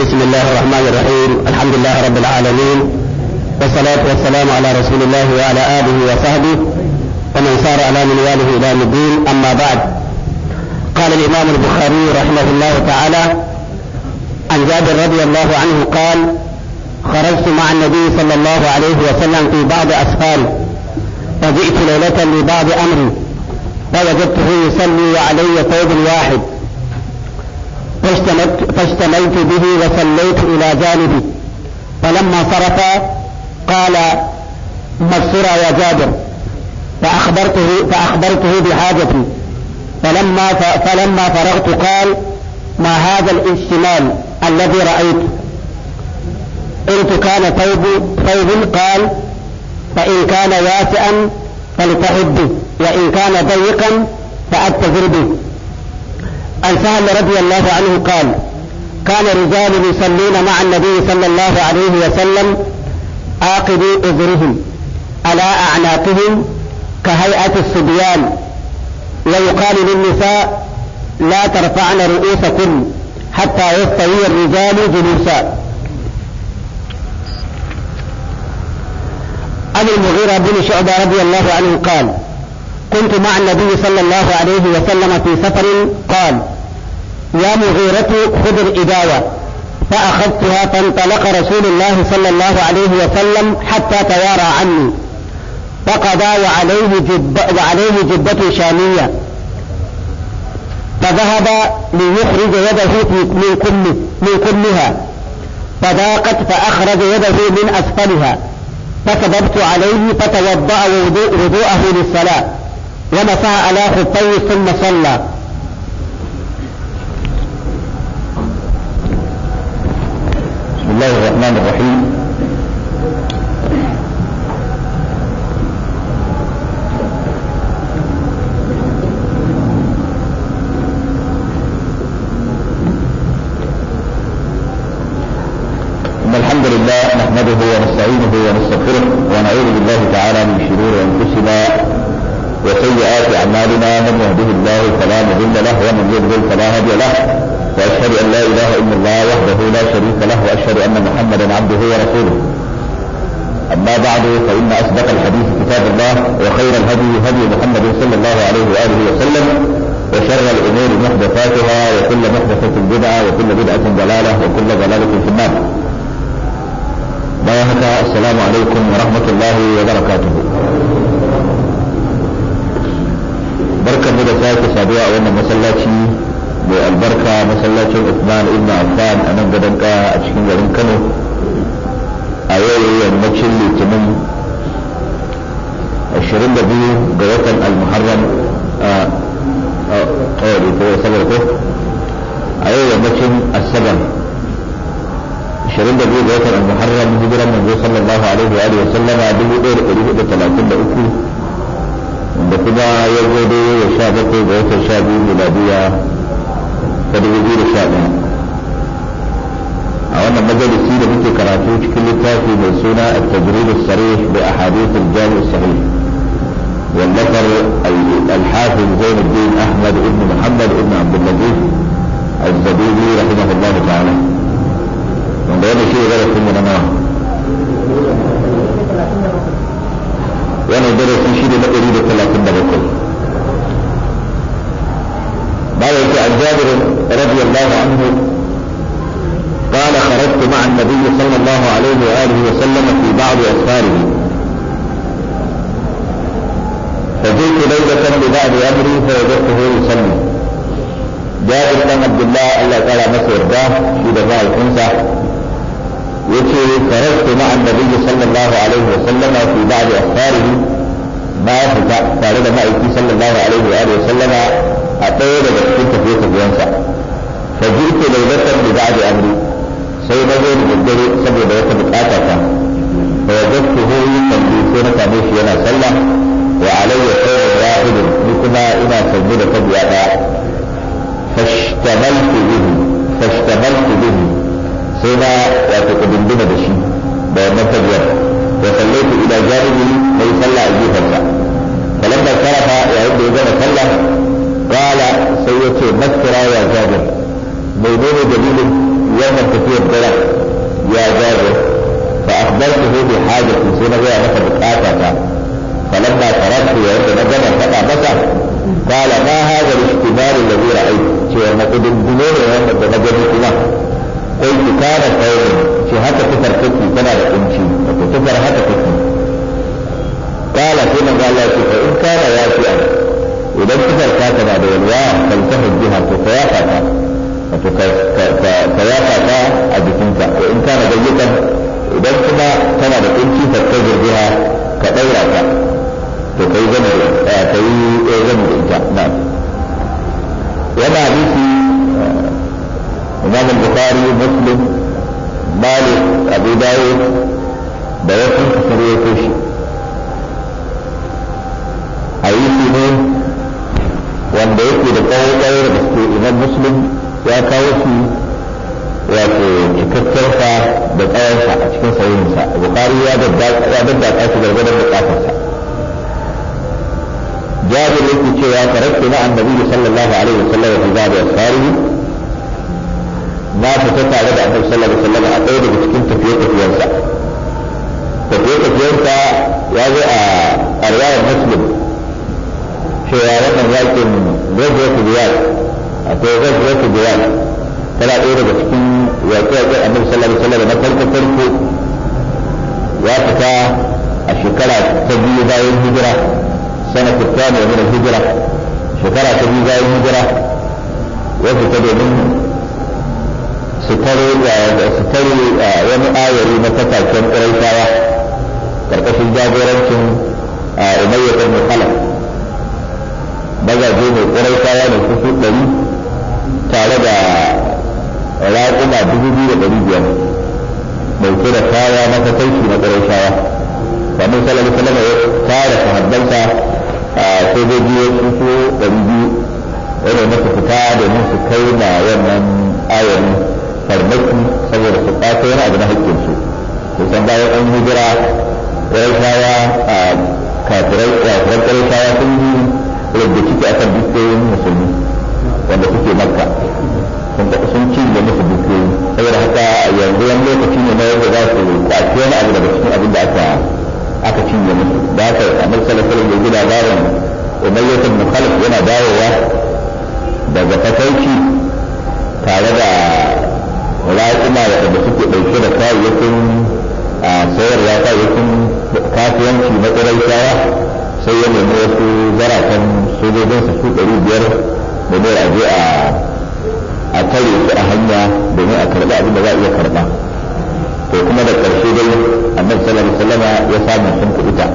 بسم الله الرحمن الرحيم الحمد لله رب العالمين والصلاة والسلام على رسول الله وعلى آله وصحبه ومن سار على منواله إلى الدين أما بعد قال الإمام البخاري رحمه الله تعالى عن جابر رضي الله عنه قال خرجت مع النبي صلى الله عليه وسلم في بعض أسفاري فجئت ليلة لبعض أمري فوجدته يصلي وعلي ثوب واحد فاشتملت, فاشتملت به وصليت إلى جانبه فلما صرف قال السرى يا جابر فأخبرته, فأخبرته بحاجتي فلما, فلما فرغت قال ما هذا الاشتمال الذي رأيت قلت كان ثوب ثوب قال فإن كان واسعا فلتحبه وإن كان ضيقا فأتذر به عن سهل رضي الله عنه قال كان رجال يصلون مع النبي صلى الله عليه وسلم آقبوا إذرهم على أعناقهم كهيئة الصبيان ويقال للنساء لا ترفعن رؤوسكن حتى يستوي الرجال جلوسا أبو المغيرة بن شعبة رضي الله عنه قال كنت مع النبي صلى الله عليه وسلم في سفر قال يا مغيرة خذ الإداوة فأخذتها فانطلق رسول الله صلى الله عليه وسلم حتى توارى عني فقضى وعليه, جب وعليه جبة شامية فذهب ليخرج يده من كل من كلها فذاقت فأخرج يده من أسفلها فكذبت عليه فتوضأ وضوءه للصلاة ومسى على خفيه ثم صلى بسم الله الرحمن الرحيم ورحمة الله وبركاته بركة مدى ساكة سابعة وانا مسلاتي بالبركة مسلاتي عثمان ابن عفان انا قدنك اتشكين قدن كنو ايوه المتشل لتمن الشرين بيو جواتن المحرم اه اه اه اه اه اه اه اه shirin da biyu ga watan muharram hijiran manzo sallallahu alaihi wa alihi wasallama dubu ɗaya da ɗari hudu talatin da uku da kuma ya zo da ya sha bakwai ga watan sha biyu miladiya ta dubu biyu da sha ɗaya a wannan majalisi da muke karatu cikin littafi mai suna at-tajrid as-sarih bi ahadith al-jami' as-sahih والذكر الحافظ زين الدين احمد بن محمد بن عبد اللطيف الزبيدي رحمه الله تعالى من بيان كده غلط من انا وانا درس شيء ده اريد 30 بعد ذلك عن جابر رضي الله عنه قال خرجت مع النبي صلى الله عليه واله وسلم في بعض اسفاره فجئت ليلة لبعض أمري فوجدته يصلي جابر بن عبد الله الله تعالى مسير ده في دفاع الخمسة يقول تركت مع النبي صلى الله عليه وسلم في بعض أخباره ما فعلنا ما صلى الله عليه وآله وسلم أطول بسكت في يوسف ينسى فجئت ليلة ببعض أمري سيدي بالدري سبب ليلة بقاتك فوجدته يمضي سنة مشي أنا صلى وعلي حوض واحد مثل إما سجد قد فاشتملت به فاشتملت به sai na wato ka dindina da shi da wannan tafiyar wa sallaitu ila janibi mai sallah a gefensa falamma sarafa yayin da ya gama sallah qala sai yace maskara ya jabir menene dalilin wannan tafiyar dara ya jabir fa akhbartuhu bi hajati sai na ga maka bukatata falamma saraftu yayin da na gama faɗa masa قال ما هذا الاختبار الذي رأيت؟ شيء ما قد الدنيا وما قد نجد ki kitara saurin ce haka tufar take tana da kunci wato tufar haka take kala sai manzo Allah ya ce fa in kana ya fi an idan tufar ta tana da yalwa kan ta hujjiha to ka yafa ta wato ka yafa ta a jikinka ko in kana gayyatan muslim malik abu dawud da wasu su sarwato shi hadisi ne wanda yake da kawo kawo da suke imam muslim ya kawo shi wato cikakkensa da tsawonsa a cikin sayinsa bukari ya daddaka shi gargadar bukatarsa جابر يقول يا تركت مع النبي صلى الله عليه وسلم في باب أسفاره جائے گی ذرا kasuwanci na ƙuraitawa sai ya nemi wasu zaratan sojojinsa su ɗari biyar da ne a je a kare su a hanya domin a karɓa abin da za a iya karɓa to kuma da ƙarshe dai annabi sallallahu alaihi wasallam ya samu sun ta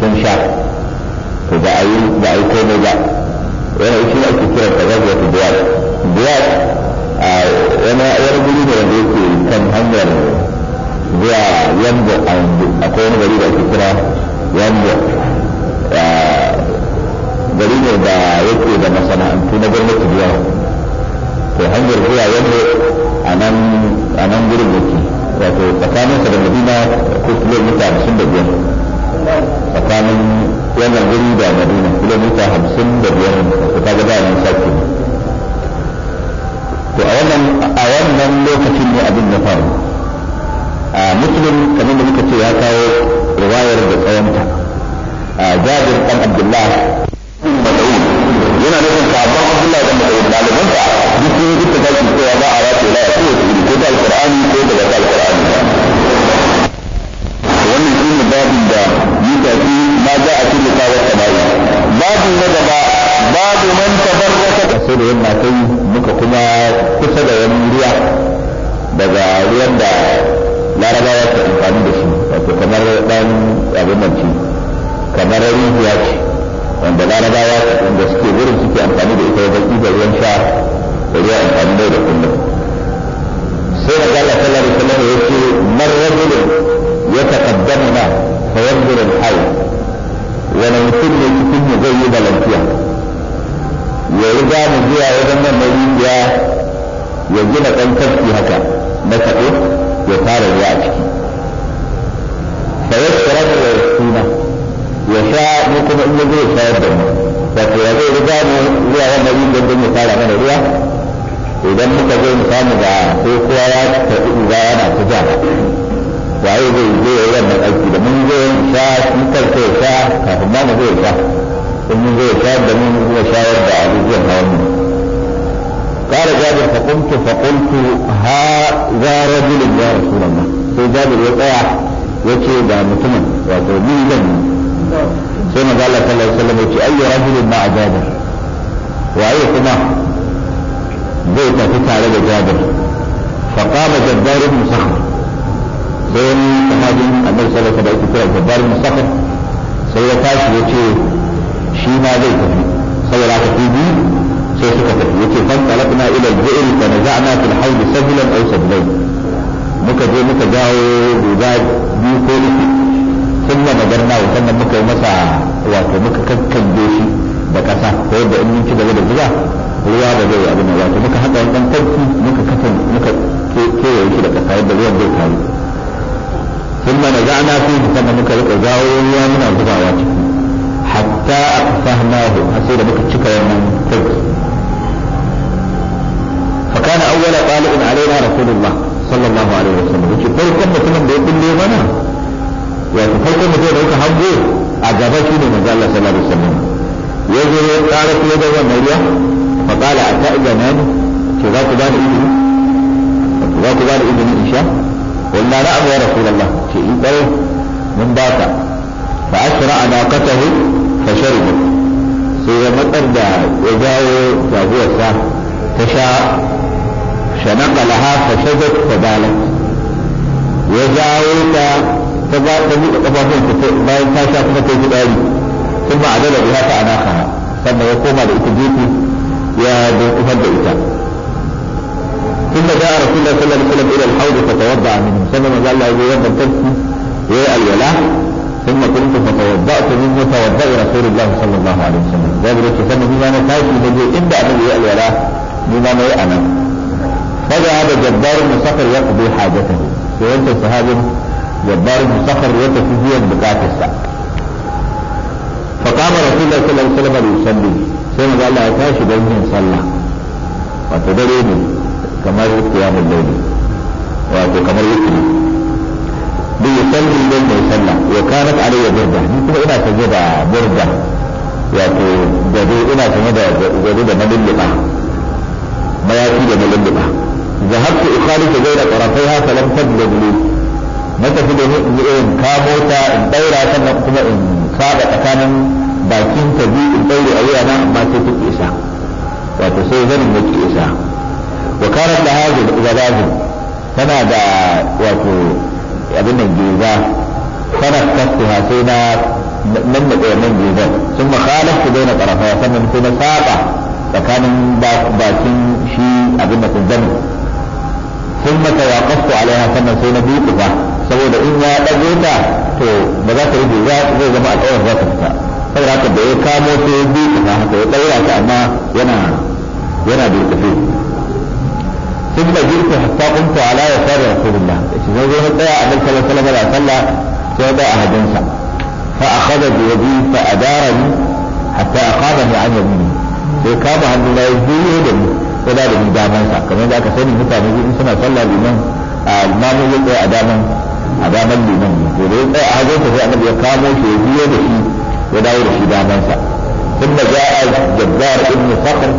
sun sha to ba a yi ba a yi komai ba yana shi ne ake kiran ta gazuwa ta biyar biyar a wani guri ne wanda yake kan hanyar zuwa yambo akwai wani gari da ake kira yambo ah, gari ne da yake da masana'antu na gwamnati da yawa to hanyar zuwa yambo a nan gurin yake wato tsakanin sa da madina ko kilomita hamsin da biyar tsakanin wannan guri da madina kilomita hamsin da biyar wato kaga ba nan sake to a wannan lokacin ne abin ya faru muslim kamar da muka ce ya kawo riwayar da tsawonta jabir dan abdullah mas'ud yana nufin sabon abdullah dan mas'ud malaman sa duk sun yi ta kashi cewa ba a rafe la ko ko da alqur'ani ko da ba alqur'ani wannan shine babin da ta fi ma za a kullu kawar bayi. babin na gaba babu man tabarraka sai da yamma kai muka kuma kusa da wani ruwa daga ruwan da larabawa ta amfani da shi wato kamar dan abin nan ce kamar rijiya ce wanda larabawa da suke wurin suke amfani da ita wajen ɗiba ruwan sha da ruwa amfani da da kullum sai da Allah sallallahu alaihi wasallam ya ce mar rajulun yataqaddamuna na yanzuru al-hayy wani mutum ne cikin mu zai yi balantiya ya riga mu zuwa wajen nan na rijiya ya gina ɗan tafki haka na kaɗo ya tara ruwa a ciki fa ya tsara da ya suna ya sha mu kuma in yazo ya shayar da mu wato ya zai riga mu zuwa wannan don ya mana ruwa idan muka zo mu samu ga ko kowa ya tafi ruwa yana ta ja waye zai zo ya yi wannan aiki da mun zo ya sha mun karfe ya sha kafin ma mu zo ya sha in mun zo ya shayar da mu mu shayar da abubuwan hawan mu قال جابر فقمت فقلت هذا رجل يا رسول الله sai jabir ya tsaya ya ce ga mutumin wato ni zan sai maza Allah sallallahu alaihi wasallam ya ce ayyu rajulin ma'a jabir waye kuma zai tafi tare da jabir فقام جبار بن صخر بين صحابي النبي صلى الله عليه وسلم جبار بن صخر sai ya tashi ya ce shi ma zai tafi saboda fi biyu sai suka tafi yace ban talabna ila al-bi'r fa naza'na fil hawd sajlan aw sajlayn muka je muka jawo guda biyu ko uku sun ma magarna sannan muka yi masa wato muka kakkange shi da kasa ko yadda in ci gaba da zuba ruwa da zai abin wato muka haɗa wani tanki muka kasan muka kewaye shi da ƙasa yadda ruwan zai taru sun ma naza'na fi sannan muka rika jawo ruwa muna zubawa ciki hatta a fasahnahu har da muka cika wannan kana awwala tali'un alaina rasulullah sallallahu alaihi wasallam yake farkon mutumin da ya bulle mana kai farkon mutum da kuka hango a gaba shi ne manzo Allah sallallahu alaihi wasallam ya zo ya tsara kuma da wannan ruwa fa qala ata'izanani to za ku ba ni izini za ku ba ni izini insha wallahi na'am ya rasulullah ce in dare mun ba ka fa asra anaqatahu fa sharibu sai ya matsar da ya jawo jagowarsa ta sha فنقلها فسدت فبالت وجاءوك فبالت قفافين باين تاشا كما ثم عدل بها فأناخها ثم يقوم لإتجيتي يا بوقفان بإتا ثم جاء رسول الله صلى الله عليه وسلم إلى الحوض فتوضأ منه ثم قال له يوم التبكي الولاة ثم كنت فتوضأت منه متوضأ رسول الله صلى الله عليه وسلم ذلك يتسمى بما من بجي إن بعد الولاء بما نيأنا هذا جبار بن صخر يقضي حاجته وانت هذا جبار بن في يتفي بقات الساعة فقام رسول الله صلى الله عليه وسلم ليصلي ثم قال لا تاشي بين صلى وتدريني كما قيام الليل كما يقول ليصلي بين يصلى وكانت علي بردة يقول انا سجد بردة wato gado ina sanye da gado da malulluɓa mayafi da zahabtu ukhalifu bayna tarafaiha falam tablugh li na tafi da ni in kamo ta in daura sannan kuma in saba tsakanin bakin ta biyu in daure a amma sai ta isa wato sai zanin ya ki isa wa karat da hazin tana da wato abin nan geza tana kastuha sai na nan sun makhalafta bai na ƙarafa sai na saba tsakanin bakin shi abin da sun mata ya kasko alaiha sannan sai na biyu ba saboda in ya ɗago ta to ba za ta rage zai zama a tsawon za ta fita saboda haka da ya kamo ta ya biyu ba haka ya ɗaura ta amma yana yana da tafi sun ta jirka hatta kuntu ala ya fara rasulullah shi zai zo na tsaya a nan sallallahu salama da sallah sai da a hajjinsa fa akhadha bi yadi fa adarani hatta aqadani an yamini sai kama hannu na ya biyu da ni ya da da ni daman sa kamar da aka sani mutane in suna sallah liman almamu ya tsaya a daman a daman liman ne da ya tsaya a da sa sai annabi ya kamo shi ya biyo da shi ya dawo da shi daman sa ثم جاء جبار ابن صخر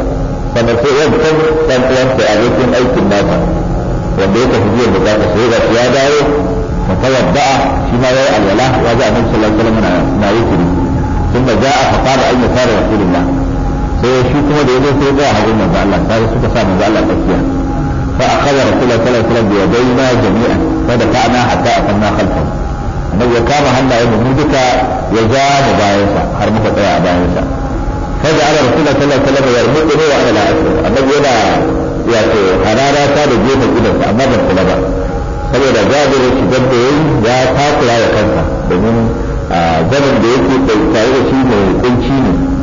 فنسي يذكر كان a cikin aikin nasa wanda ya tafi da bukata sai ga ya dawo fa tawadda'a shi ma ya alwala ya a annabi sallallahu alaihi wasallam na yi kiri ثم جاء فقال أي صار رسول الله sai eh, shi kuma da yazo sai ya hawo manzo Allah sai suka sa manzo Allah tsakiya fa akhadha rasulullahi sallallahu alaihi wasallam bi yadayna jami'an fa dafa'na hatta atanna khalfahu annabi ya kama hannayen mu duka ya ja mu bayansa har muka tsaya a bayansa fa ja'ala rasulullahi sallallahu alaihi wasallam yarmudu wa ala al-asr annabi yana wato harara ta da gefen gidansa amma ban kula ba saboda jabir shi dabba yayi ya takura da kansa domin a ah, zaman da yake tare da shi mai kunci ne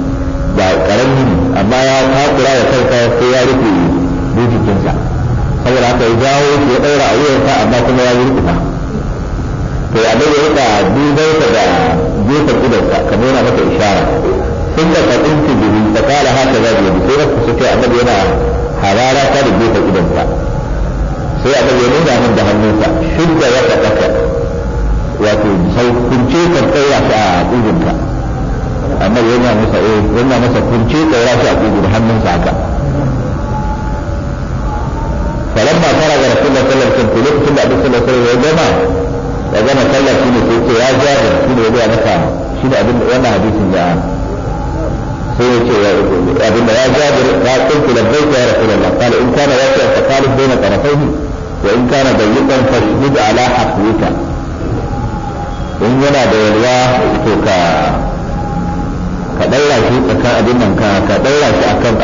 da karami amma ya takura da kansa sai ya rufe bututunsa saboda haka ya jawo shi ya daura a sa amma kuma ya yi rukuta to ya da rika dubarsa da gefen idansa kamar yana mata ishara sun da faɗin tijiri da kala haka za biyu sai rasu suke amma yana harara ta da gefen idansa sai abin ya nuna min da hannunsa shidda ya faɗaka wato saukunce kan tsaya shi a ƙugunka annabi yana masa eh yana masa kunce tsaura shi a kugu da sa haka falamma fara ga rasulullahi sallallahu alaihi wasallam lokacin da abin sallallahu alaihi wasallam ya gama ya gama sallah shine sai ce ya jabe shi ne ya maka shi da wannan hadisin ya sai ya ce abin da ya jabe ya kuntu labbaika ya rasulullah qala in kana wasi'a fa qalib baina tarafaihi wa in kana dayyiqan fashmid ala haqwika in yana da yalwa to ka ka ɗaura shi tsaka abin nan ka ka ɗaura shi akan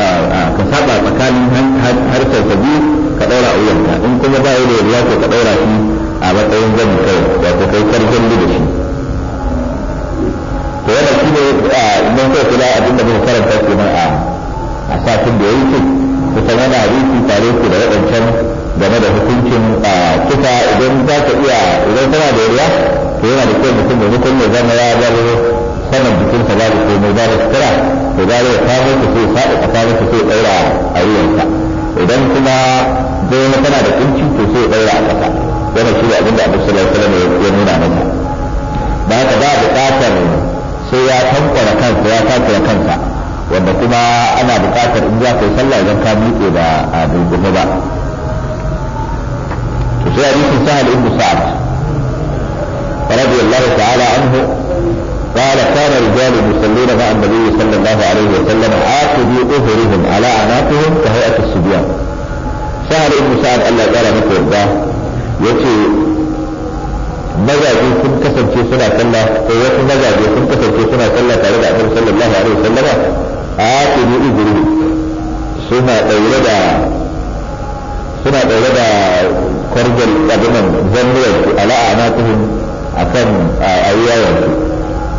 ka saba tsakanin harshen ka biyu ka ɗaura a wuyanka in kuma ba yi da yadda to ka ɗaura shi a matsayin zan kai wato kai karfin da shi to yana shi ne idan kai kula abin da muka karanta ke nan a a satin da ya yi kusan yana riki tare ku da waɗancan game da hukuncin kisa idan za ka iya idan kana da yarda to yana da kyau mutum da mutum ne zama ya zama saman jikin sa babu ko mai babu sutura to zai ya samu ta sai faɗi a samu ta sai daura a wuyansa idan kuma gona tana da kunci to sai daura a ƙasa wannan shi ne abin da abu sallallahu alaihi wasallam ya nuna masa da haka ba buƙatar sai ya tankwara kansa ya tankwara kansa wanda kuma ana buƙatar in za ka yi sallah idan ka miƙe da a ba to sai a hadisin sahal ibn sa'ad رضي الله تعالى عنه قال كان رجال يصلون مع النبي صلى الله عليه وسلم عاقبي اظهرهم على اعناقهم كهيئه الصبيان. سهل بن سعد الله قال مك يرضى يتي mazaje sun kasance suna sallah ko wasu mazaje sun kasance suna sallah tare da annabi sallallahu alaihi wasallam a kiri uguru suna daure da suna daure da kwargal abinan zannuwar su ala'a na akan ayyawan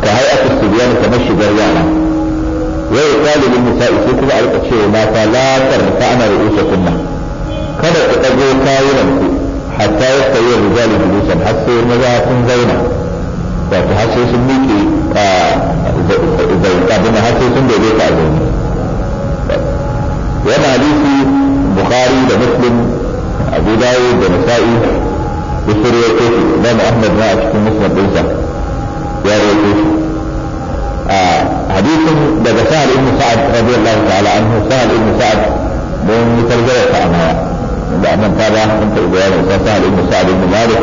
ka hay'atu sibiyan kamar shigar yara wai yuqalu lin nisa'i sai kuma a rika cewa mata la tarfa ana ru'usakunna kada ku dago kayunan ku hatta yastawi rijalu julusan har sai maza sun zauna wato har sai sun miƙe a zauka bin har sai sun daidaita a zaune yana nufi bukhari da muslim abu dawo da nisa'i da suriyar kofi imam ahmad na a cikin musnad ɗinsa ya roƙe shi a hadisin daga sa'ad ibn sa'ad radiyallahu ta'ala anhu sa'ad ibn sa'ad don yi tarjara ta amaya da amman ta ba mun taɓa bayanin sa sa'ad ibn sa'ad ibn malik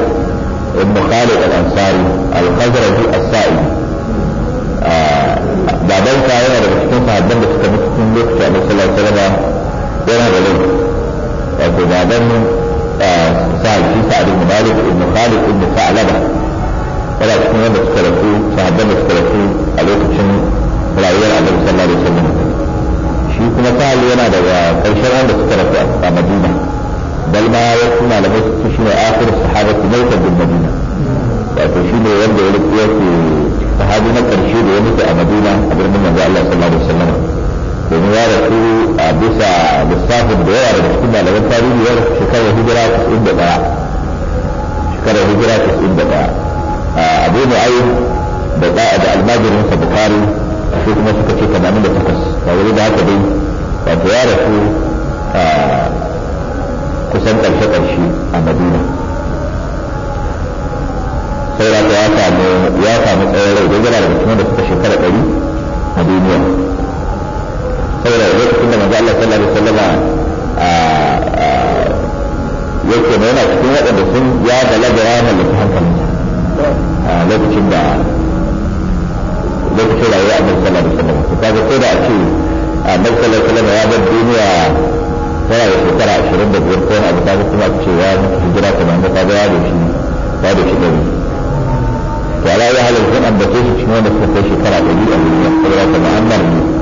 ibn khalid al-ansari al-khazraji as-sa'idi babanka yana daga cikin sahabban da suka mutu tun lokaci a sallallahu alaihi wasallam yana da rai wato baban sa'ad shi sa'ad ibn malik ibn khalid ibn sa'laba yana cikin wanda suka rasu sahabban da suka rasu a lokacin rayuwar annabi sallallahu alaihi wasallam shi kuma sa'al yana daga karshen wanda suka rasu a madina bal ma wasu malamai suke shi ne akhiru sahabatu mautan bil madina wato shi ne wanda ya rubuta yake sahabi na karshe da ya mutu a madina a birnin manzo Allah sallallahu alaihi wasallam domin ya rasu a bisa lissafin da yawa daga cikin malaman tarihi ya rasu shekarar hijira 91 shekarar hijira 91 abu ne ayo da da'a da almajirin sa bukari sai kuma suka ce 88 ba wani da haka dai wato ya rasu kusan ƙarshe-ƙarshe a madina saura ta ya samu ya samu tsawon rai don yana da mutum da suka shekara ɗari a duniya ya saboda lokacin da manzo Allah sallallahu alaihi wasallam a yake yana cikin waɗanda sun ya balaga ya mallaki hankalinsa lokacin da lokacin rayuwa a sallallahu da wasallam to kaga ko da ce a sallallahu alaihi wasallam ya bar duniya tana da shekara ashirin da biyar ko wani abu kaga kuma ce ya hijira kamar da kaga ya da shi ya da shi gari to ala ya halar zan ambace shi cikin wanda suka kai shekara ɗari a duniya saboda kamar an nan ne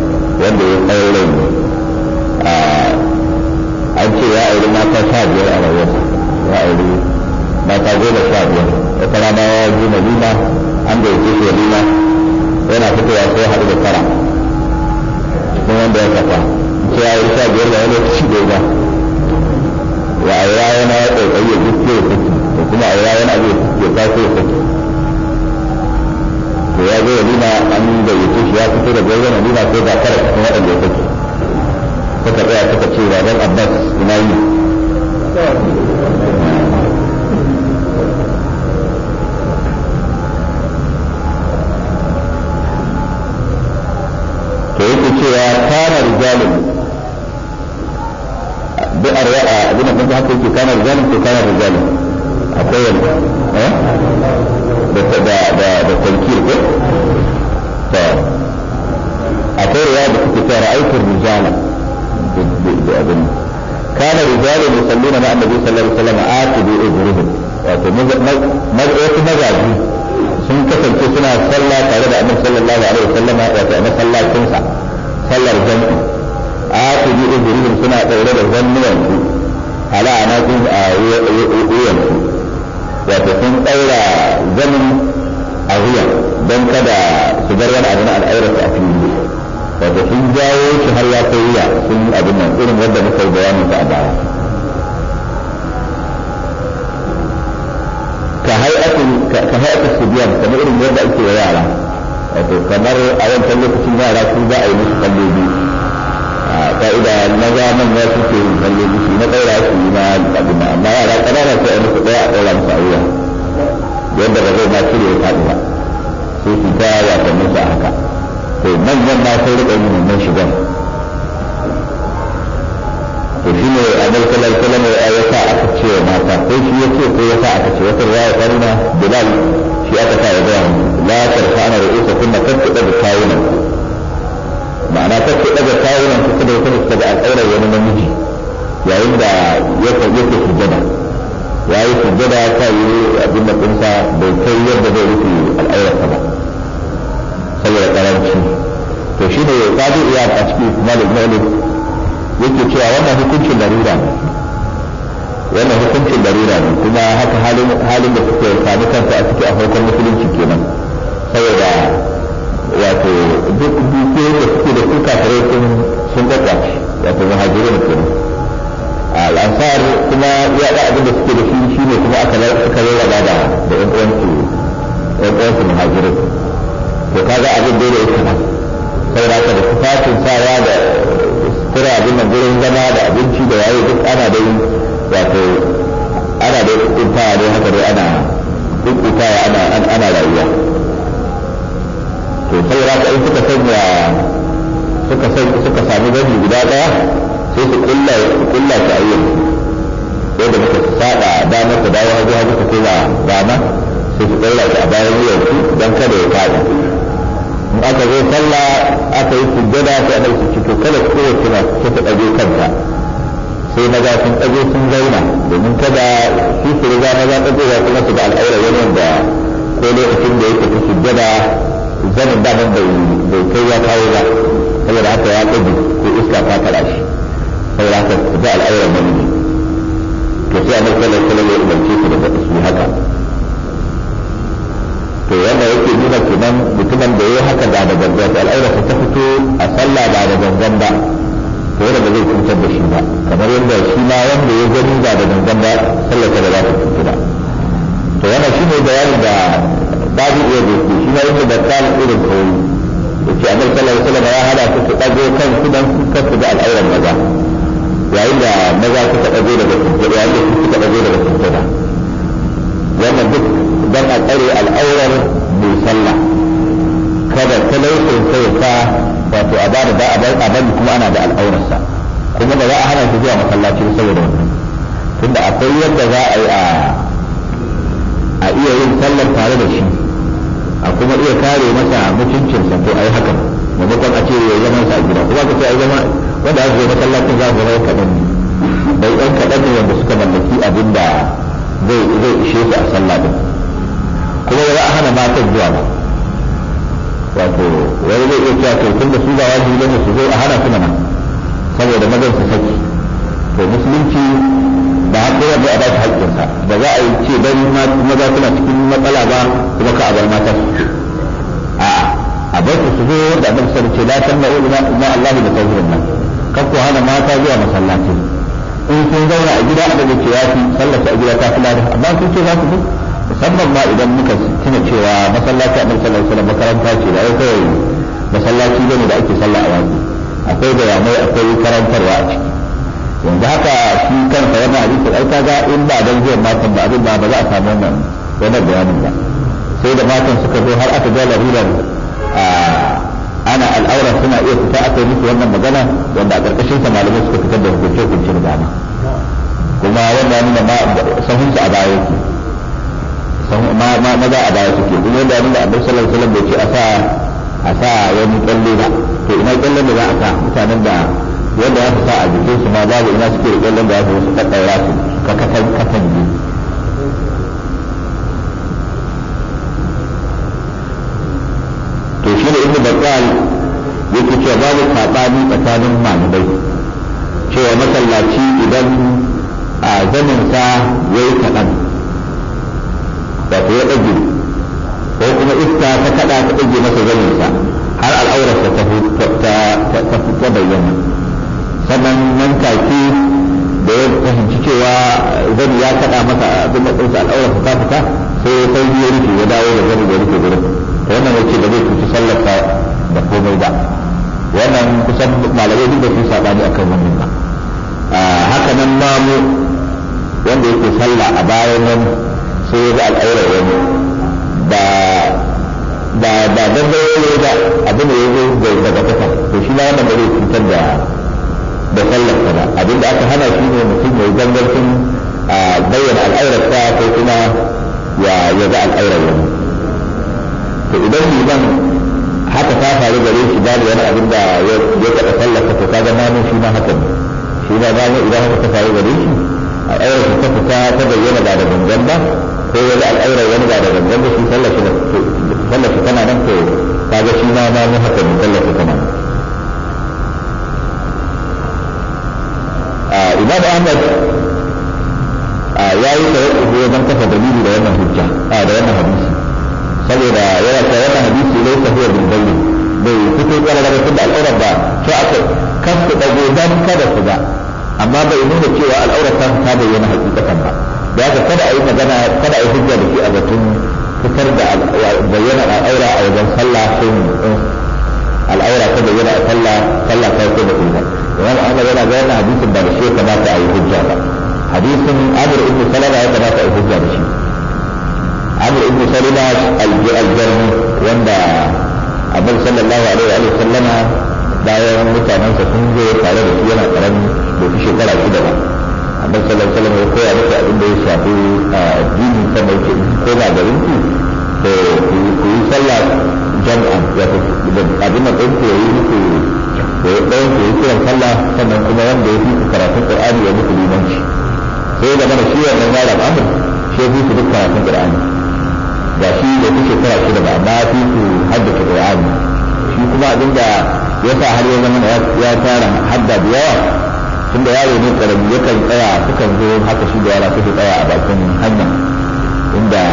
wato muhajirin kenan al'ansar kuma ya da abin da suke da shi ne kuma aka suka rarraba da da ƴan uwansu muhajirin to kaga abin da ya kama sai ka da tufafin sawa da sutura abin nan gurin zama da abinci da yayi duk ana da yin wato ana da dai haka dai ana ana ana rayuwa to sai ka in suka sanya suka sai suka samu gani guda daya sai su kulla su kulla ta ayyan sai da muka sada dama ta dawo hagu hagu ta kula dama sai su kulla ta a bayan wuyan su dan kada ya fada in aka zo sallah aka yi sujjada sai a su cikin kada ku kowa suna sai ta dage kanta sai maza sun dage sun zauna domin kada su su riga maza dagewa kuma su ga al'aura wani da ko lokacin da yake ta sujjada zanin nan bai kai ya kawo ba saboda haka ya tsaji ko iska ta kara shi saboda haka su ga mani ne to sai annabi sallallahu alaihi wasallam ya umarce su da su haka to wanda yake nuna kenan mutumin da yayi haka da da gangan al'aurar ta fito a sallah ba da gangan ba to wanda ba zai cutar da shi ba kamar yadda shi ma wanda ya gani ba da gangan ba sallar ta ba za ta cutu ba to wannan shine bayani da babu iya da shi ma yadda da kan irin kawai yake annabi sallallahu alaihi wasallam ya hada ku ku dago kan su dan kuka ku ga al'auran maza yayin da maza suka dago daga kuka ya ce suka dago daga kuka wannan duk dan a tsare al'aurar mai sallah kada talaucin sai ka wato a bada ba da a bari kuma ana da al'aurarsa kuma da za a hana shi zuwa masallaci saboda wannan tunda akwai yadda za a yi a iya yin sallar tare da shi a kuma iya kare masa sa to ai haka maimakon a ce ya zama sa gida kuma ka ce ai zama wanda aka zo masallacin za mu zama kaɗan ne bai ɗan kaɗan ne wanda suka mallaki abin da zai zai ishe su a sallah kuma ya za a hana matan zuwa ba wato wani zai iya cewa to tun da su ba wajibi ne su zai a hana su nan saboda madan su saki to musulunci ba haka ya zo a ba shi haƙƙinsa ba za a yi ce bari maza suna cikin matsala ba kuma ka abar mata a a bar su zo da abin sa ce latan tanna ulama ma Allah da tawhirin nan kakko hana mata zuwa masallaci in sun zauna a gida da ce ya fi sallata a gida ta fi fulani amma sun ce za su bi musamman ma idan muka tuna cewa masallaci a sallallahu sallar wasallam makaranta ce da kawai masallaci ne da ake sallah a wani akwai bayanai akwai karantarwa a ciki yanzu haka shi kansa wannan hadisi ai kaga in ba dan zuwan matan ba abin ba ba za a samu wannan wannan bayanin ba sai da matan suka zo har aka ga larurar ana al'aura suna iya fita aka yi musu wannan magana wanda a ƙarƙashin sa malamai suka fitar da hukunce hukunce da dama kuma wanda nuna ma sahun a baya yake ma maza a baya suke kuma wanda nuna abin sallallahu alaihi wasallam bai ce a sa a sa wani kyalle ba to ina kyalle da za a sa mutanen da wanda ya fita a jikin su ma babu ina suke riƙe lamba ya su kakkaura su ka kakan kakan ne to shi da ibnu bakal yake cewa babu sabani tsakanin malamai cewa masallaci idan a zanin sa yayi kaɗan wato ya ɗage ko kuma iska ta kaɗa ta ɗage masa zaninsa sa har al'aurarsa ta bayyana sannan nan take da ya fahimci cewa zan ya kaɗa maka abin da ɗinsa al'aura fuka fita sai ya sauki ya rufe ya dawo da zan da rufe gurin wannan ya da zai sallar sallarsa da komai ba wannan kusan malamai duk da sun saɓani akan wannan ba haka nan mamu wanda yake sallah a bayan nan sai ya ga al'aura wani ba ba ba dan da ya ga abin da ya zo daga to shi ma wannan ba zai cutar da da sallarsa ba abinda aka hana shi ne mutum mai yi a bayyana al'aurarsa ko kuma ya yaga al'aurar wani to idan liman haka ta faru gare shi ba da wani abin da ya taɓa sallarsa to kaga ne shi ma haka ne shi ma bayan idan haka ta faru gare shi al'aurarsa ta fita ta bayyana ba da gangan ba ko wani al'aurar wani ba da gangan ba shi sallarsa tana nan to kaga shi ma namun haka ne sallarsa tana nan imam ahmad ya yi tawakkufi wajen kafa dalili da wannan hujja a da wannan hadisi saboda yana ta wannan hadisi ne ta huwa bilbayi bai fito kwana daga tunda al'aurar ba to aka kasu dago dan kada su ga amma bai nuna cewa al'aurar ta ta bayyana hakikatan ba da haka kada a yi magana kada a yi hujja da shi a batun fitar da bayyana al'aura a wajen sallah ko al'aura ta bayyana a sallah sallah ta ko da kuma imam ahmad yana ga wannan hadisin ba da shi ka ta a yi hujja ba hadisin amr ibn salama ya kamata a yi hujja da shi amr ibn salama al-jarmi wanda abin sallallahu alaihi wa sallama bayan mutanensa sun zo tare da shi yana karami bai fi shekara shida ba abin sallallahu alaihi wa ya koya masa abin da ya shafi ah, addini kamar ko ba garin ku ku yi sallah jam'an wato abin da ɗan koyi muku da ya ɗan koyi kiran sallah sannan kuma wanda ya fi karatun qur'ani ya muku limanci sai da mana shi wannan malam amr shi ya fi su duk karatun qur'ani ga shi da kuke kira shi da ba ma fi su haddace qur'ani shi kuma abin da ya sa har ya zama ya fara hadda da yawa tun da yaro ne karami yakan tsaya sukan zo haka shi da yara suke tsaya a bakin hanya inda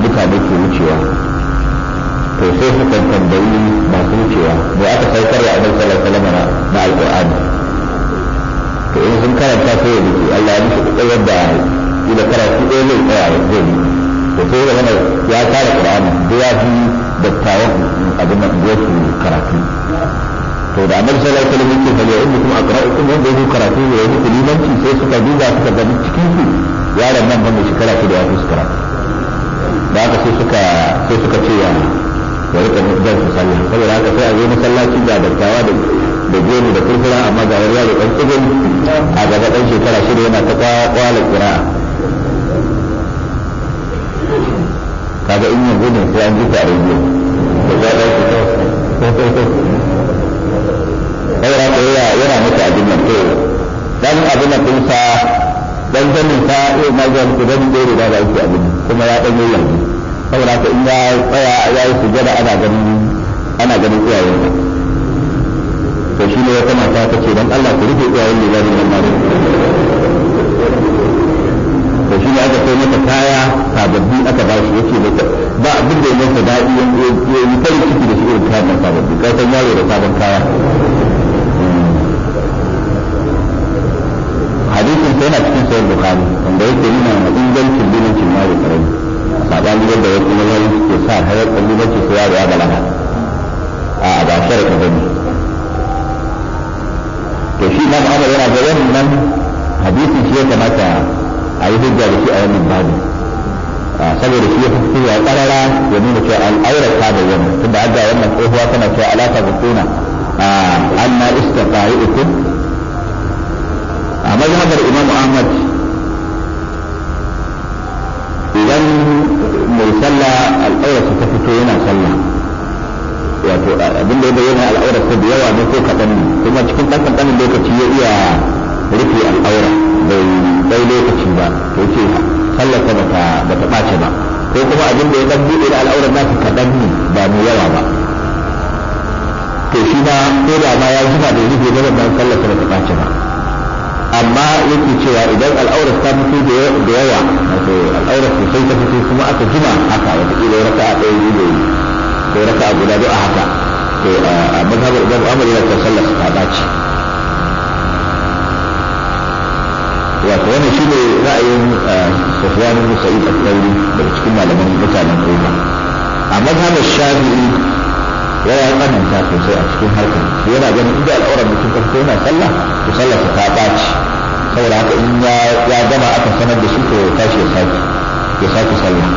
mutane ke wucewa to sai su kan tambayi masu wucewa da aka saukar da abin sallallahu alaihi wasallam na alqur'ani to in sun karanta sai ya wuce Allah ya musu kokarin da ila karatu ɗaya zai tsaya zai yi to sai ya zama ya kare qur'ani da ya fi dattawan abin da ya karatu to da abin sallallahu alaihi wasallam yake fara yin mutum aqra'ukum wanda ya karatu ya yi limanci sai suka duba suka gani cikin su yaron nan ba mai shekara da ya fi su karatu da aka sai suka sai suka ce ya da rika zan su sallah saboda haka sai a zo masallaci da dattawa da da gemu da kurkura amma ga wani yaro tsibirin a gaba ɗan shekara shida yana ta kwala kira kaga in yanzu ne sai an ta rediyo da za a yi yana mata abin nan to dan abin nan din sa dan zanin sa yau eh, na ga ku dan dore da ba yake abin kuma ya dan yi yanzu saboda ka in ya tsaya ya yi sujada ana ganin ana ganin iyayen ka to shi ne wata mata ta ce don Allah ku rufe iyayen ne zai nan mare to shi ne aka kai mata kaya sababbi aka ba shi yace mata ba abin da ya masa daɗi ya yi kai ciki da shi irin kayan sababbi kai san yaro da sabon kaya hadisin sai yana cikin sayar da bukari wanda yake nuna ingancin binin cin da karami saɓani yadda wasu mazhabi suke sa hayar kabilanci su yaro ya balaga a ba sharaɗa ba ne to shi ma ma'amar yana ga nan hadisin shi ya kamata a yi hujja da shi a wannan babu saboda shi ya fi ya karara ya nuna cewa al'aura ta da wani tunda an ga wannan tsohuwa tana cewa alaka ga kuna an na iska tsari uku a mazhabar imam ahmad idan mai sallah al'aura ta fito yana sallah wato abinda ya bayyana al'aurarsa da yawa ne ko kaɗan ne kuma cikin ɗan ƙanƙanin lokaci ya iya rufe al'aura bai bai lokaci ba to ce sallarsa ba ta ɓace ba ko kuma abinda ya ɗan buɗe da al'aurar ta kaɗan ne ba mu yawa ba to shi ma ko da ma ya zuba da rufe na wannan sallarsa ba ta ɓace ba amma yake cewa idan al'aurar ta fito da yawa wato al'aurar sosai ta fito kuma aka jima haka wata ƙila raka a ɗaya ko raka a guda duk a haka to a mazhabar idan amur yana ta sallar ta ɓaci wato wannan shine ra'ayin sufyan bin sa'id al-thawri daga cikin malaman mutanen Roma a mazhabar shafi'i yana yin aminta sosai a cikin harkar yana ganin inda al'aurar mutum farko yana sallah to sallah ta ɓaci saboda haka in ya gama aka sanar da shi to ya tashi ya sake ya sake sallah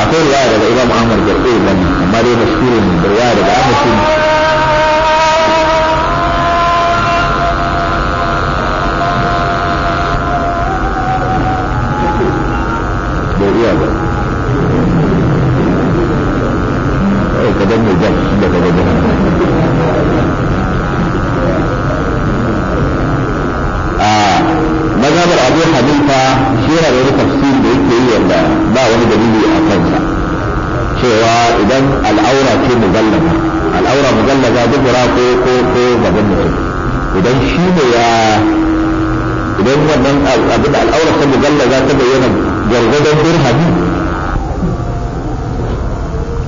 akwai riwaya daga imam ahmad garbe wannan amma dai mashhurin riwaya daga ahmad shi ne ya idan wannan abin al'aurar ta mujalla za ta bayyana gwargwadon dirhami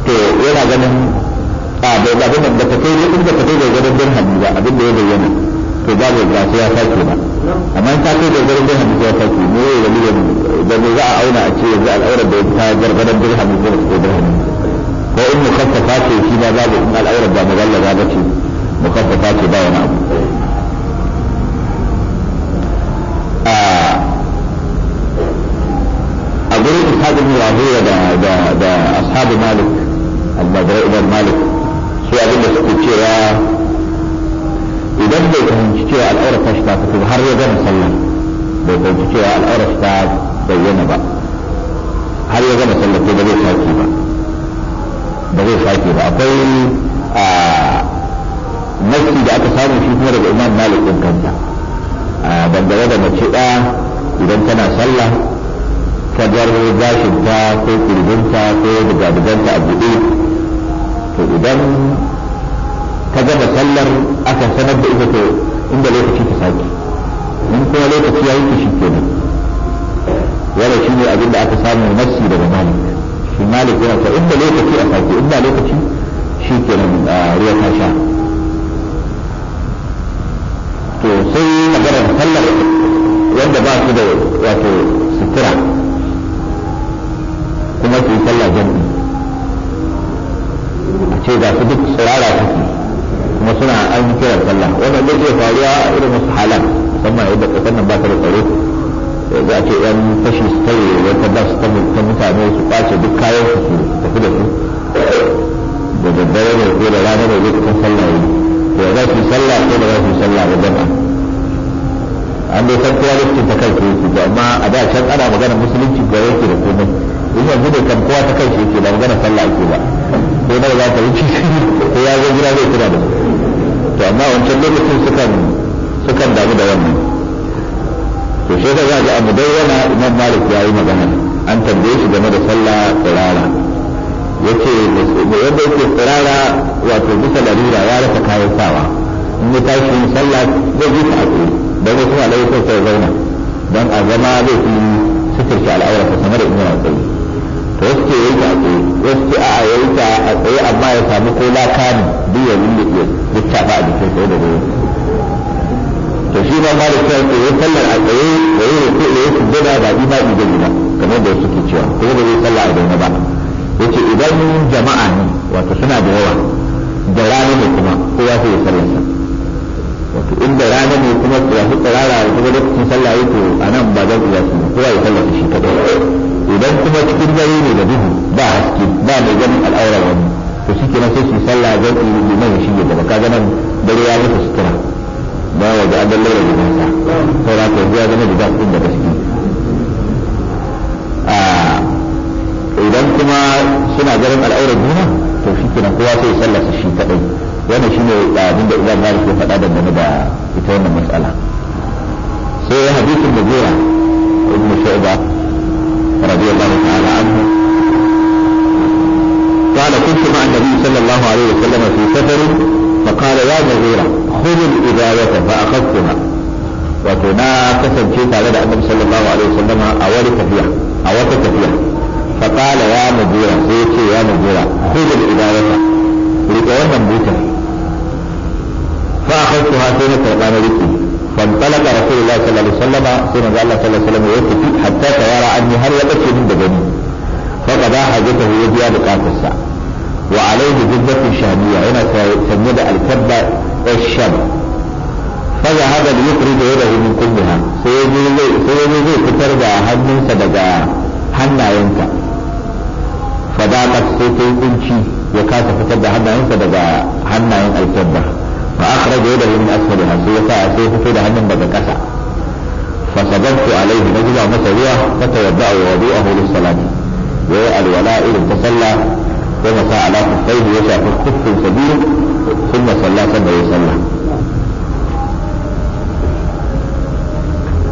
to yana ganin a bai abin da ba ta kai ne inda ta kai gwargwadon dirhami ba abin da ya bayyana to ba bai ba sai ya sake ba amma ta kai gwargwadon dirhami sai ya sake ne ya wani da me za a auna a ce yanzu al'aurar da ta gwargwadon dirhami ko ta dirhami ko in mukaffafa ce shi ba babu in al'aurar ba mujalla ba ce mukaffafa ce ba wani abu آه. أقول أستاذ ابن العظيم ده ده أصحاب مالك المدرء آه، إمام مالك سواء قلنا سكتشيرا إذا بديت أن تشتيرا الأورا تشتاك في الهر يدن صلى بديت أن تشتيرا الأورا تشتاك بينا بقى هل يجب أن صلى في بديت ساكيبا بديت ساكيبا أقول آه مسجد أتصاري في مرد إمام مالك إمكان ده dangane da mace ɗaya idan tana sallah ta gar gashinta ko kurbinta ko bugaduganta a buɗe to idan ta gama sallar aka sanar da ita to inda lokaci ta sake in kuma lokaci ya yi shi kenan wannan shi ne abin da aka samu nassi daga malik shi malik yana ta inda lokaci a sake inda lokaci shi kenan ruwa ta sha to sai magana da sallar wanda ba su da wato sutura kuma su yi sallar jami'i a ce ga su duk tsirara suke kuma suna an kiran sallah wanda zai ke faruwa irin wasu halan musamman yadda kasar nan ba ta da tsaro za a ce yan fashi su tare wata ba su ta mutane su kwace duk kayan su su tafi da su da daddare da ko da rana ne lokacin sallah ne to za su yi sallah ko da za su yi sallah da jama'a an dai san kowa lokacin ta kansa yake ba amma a da can ana magana musulunci ga yake da komai in yanzu ne kan kowa ta kansa yake ba magana sallah ake ba ko na za ta wuce ko ya zo gida zai kira da su to amma wancan lokacin sukan sukan damu da wannan to sai ka za ga abu dai yana imam malik ya yi magana an tambaye shi game da sallah tsirara yace yadda yake tsirara wato bisa larura ya rasa kayan sawa in ya tashi sallah zai ji ta a dan wasu malamai sun sai zauna dan a zama zai fi sukirce al'aura ta sama da ina al-qayyim to wasu ke yanka a tsaye wasu ke a yanka a tsaye amma ya samu ko lakani duk ya lulluɓe littafa a jikin ko da dole to shi ma ba da cewa ke yi sallar a tsaye da yi rufe da ya sujjada ba bi ba idan gida kamar da suke cewa ko da zai sallar a daina ba ce idan jama'a ne wato suna da yawa da rana ne kuma kowa sai ya sa. wato inda rana ne kuma ya fi tsirara da kuma lokacin sallah yake a nan ba zan iya su kowa ya sallah shi kadai idan kuma cikin dare ne da duhu ba haske ba mai ganin al'aura wani to shi kenan sai su sallah zan iya yi mai shi da baka ganin dare ya musu sutura ba wa da adalla da gidansa na ta ya zama da zafin da gaske idan kuma suna ganin al'aura juna to shi kenan kowa sai ya sallah shi kadai wannan shi ne abin da imam malik ya faɗa dangane da ita wannan matsala sai ya hadisin da zuwa ibn shu'ba radiyallahu ta'ala anhu قال كنت مع النبي صلى الله عليه وسلم في سفر فقال يا مغيرة خذ الإداية فأخذتها وتنا كسب على النبي صلى الله عليه وسلم أول تفيع أو تفيع فقال يا مغيرة سيدي يا مغيرة خذ الإداية لقوانا بوتا فأخذتها سنة وقام بكي فانطلق رسول الله صلى الله عليه وسلم ثم قال الله صلى الله عليه وسلم يوكي حتى توارى عني هل يبكي من بدني فقضى حاجته وجاء بقاف الساعة وعليه جدة شهمية هنا تسمد الكبة الشم فذهب ليخرج يده من كلها سيدي زي فترجع هدن سبقا حنا ينكا فضاقت سيتي انشي وكاسة فترجع هدن سبقا حنا الكبة فأخرج يده من أسفلها سيساء سيساء سيساء هنم بدكسا فصببت عليه نجلا مسوية فتوضأ وضوءه للصلاة والولاء إذا تصلى ومسى على خفيه وشاف الكف الكبير ثم صلى ثم يصلى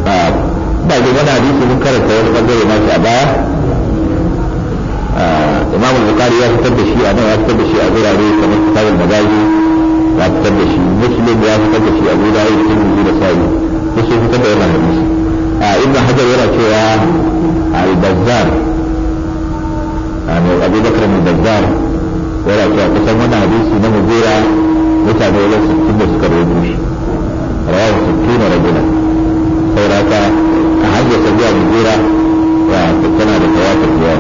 آه، بعد من حديث منكر التوحيد قدر ما شاء الله آه، إمام البخاري يكتب أنا ويكتب شيئا غير عليه كما كتاب المجازي ya fitar da shi muslim ya fitar da shi abu da ya fitar da shi da sa'i musu fitar da yana hadisi a ibn hajar yana cewa al-bazzar abu bakar al-bazzar yana cewa kusan wannan hadisi na mujera mutane wajen sittin da suka rubu shi rawahu sittuna rajula sauraka a hanyar sabuwa mujera wa tana da tawafa yawa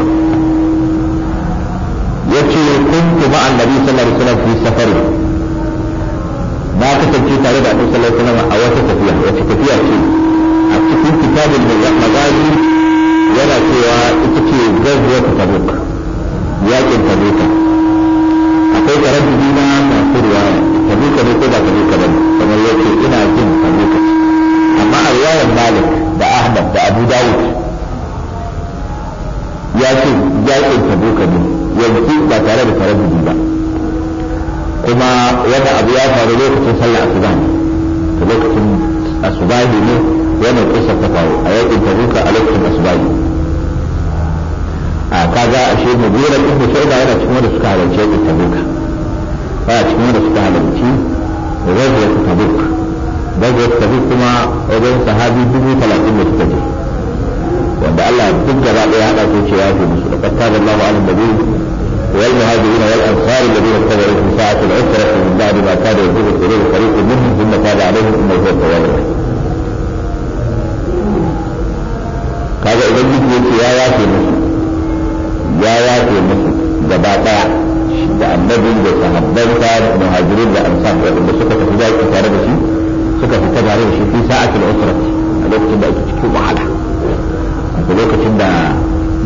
yace kuntu ma'an nabi sallallahu alaihi wasallam fi safarin na kasance tare da annabi sallallahu alaihi wasallam a wata tafiya wata tafiya ce a cikin kitabul magazi yana cewa ita ce gazwat tabuk yakin tabuk akwai karatu dina masu riwaya tabuk ne ko ba tabuk ba kamar yace ina jin tabuk amma a riwayar malik da ahmad da abu dawud ya ce yakin tabuk ne yanzu ba tare da karatu ba kuma wani abu ya faru lokacin sallar asuba ne lokacin asuba ne wannan kusa ta faru a yakin tabuka a lokacin asuba ne a kaga ashe mubira ibnu shayba yana cikin wanda suka halarci yakin tabuk ba cikin wanda suka halarci ghazwat tabuk ghazwat tabuk kuma wajen sahabi dubu talatin da suka je wanda Allah duk gaba ɗaya haɗa su cewa ya fi musu da da Allahu alim da والمهاجرين والانصار الذين اتبعوا في ساعه العسره من بعد ما كان يجوز اليه فريق منهم ثم تاب عليهم انه هو التواب kaga idan miji yake ya yafe musu ya yafe musu gaba daya da annabin da sahabbansa muhajirin da ansar da suka tafi da tare da shi suka fita tare da shi fi sa'atul usra a lokacin da ake cikin wahala a lokacin da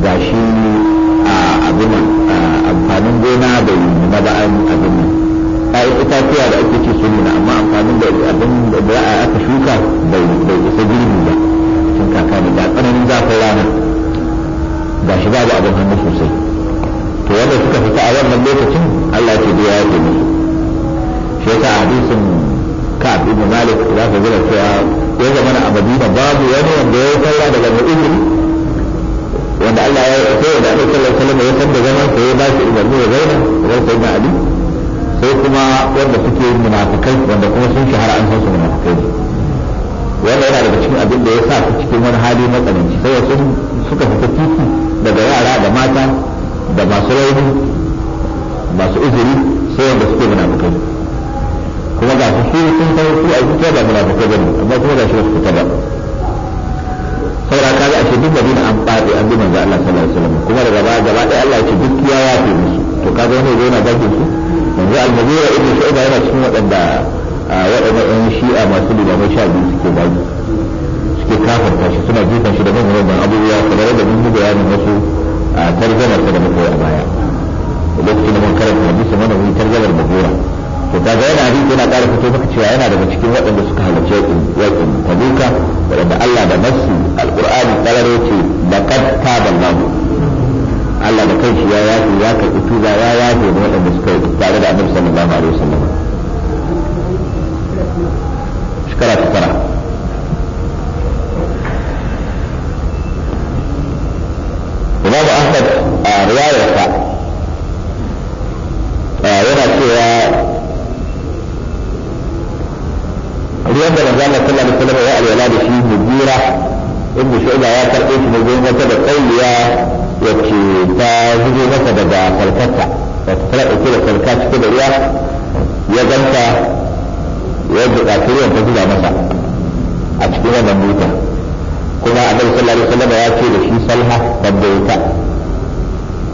gashi a abin lafiya da ake ce su nuna amma amfanin da abin da za a aka shuka bai bai isa girbi ba sun kaka ne ga tsananin zafin rana ga shi babu abin hannu sosai to wanda suka fita a wannan lokacin Allah ce biya ya ce musu shi yasa hadisin ka'ab ibn malik za ka gina cewa ya zama na abadina babu wani wanda ya yi saura daga mu'izin wanda Allah ya yi sai da Annabi sallallahu alaihi wasallam ya san da zaman sai ya ba shi umarni ya zauna ran sai na Ali ko kuma wanda suke munafikai wanda kuma sun shahara an san su munafikai wanda yana daga cikin abin da ya sa su cikin wani hali matsananci sai sun suka fita titi daga yara da mata da masu rauni masu uzuri sai wanda suke munafikai kuma ga su su sun san su a zuciya ba munafikai bane amma kuma ga shi wasu fita ba saboda ka ga shi duk da bin an faɗi an bi manzo Allah sallallahu alaihi wasallam kuma daga baya gaba ɗaya Allah ya ce duk ya yafe musu to kaga wani zai na su yanzu almajira ibn shu'ba yana cikin waɗanda waɗanda ɗan shi'a masu limamai sha biyu suke bayi suke kafarta shi suna jifan shi da manyan abubuwa kamar da mun yi bayanin wasu a tarjamar da muka yi a baya lokacin da mun karanta hadisi mana mun tarjamar magora to kaga yana hadisi yana ƙara fito maka cewa yana daga cikin waɗanda suka halarci yaƙin tabuka waɗanda Allah da nassi alqur'ani ƙarare ce laqad taballahu Allah da kanshi ya yafe ya ka karɓi ba ya yafe da waɗanda suka yi tare da annabi sallallahu alaihi wasallam shekara ta tara Imam Ahmad a riwayarsa yana cewa ruwan da manzo Allah sallallahu alaihi wasallam ya alwala da shi mujira ibnu shu'ba ya karbe shi ne gurin wata da kauliya wacce ta zube masa daga da ta tana ɗauke da karka cikin da ruwa ya ganta yadda buƙaci ruwan ta zuba masa a cikin wannan buta kuma annabi sallallahu alaihi wasallam ya ce da shi salha babba wuta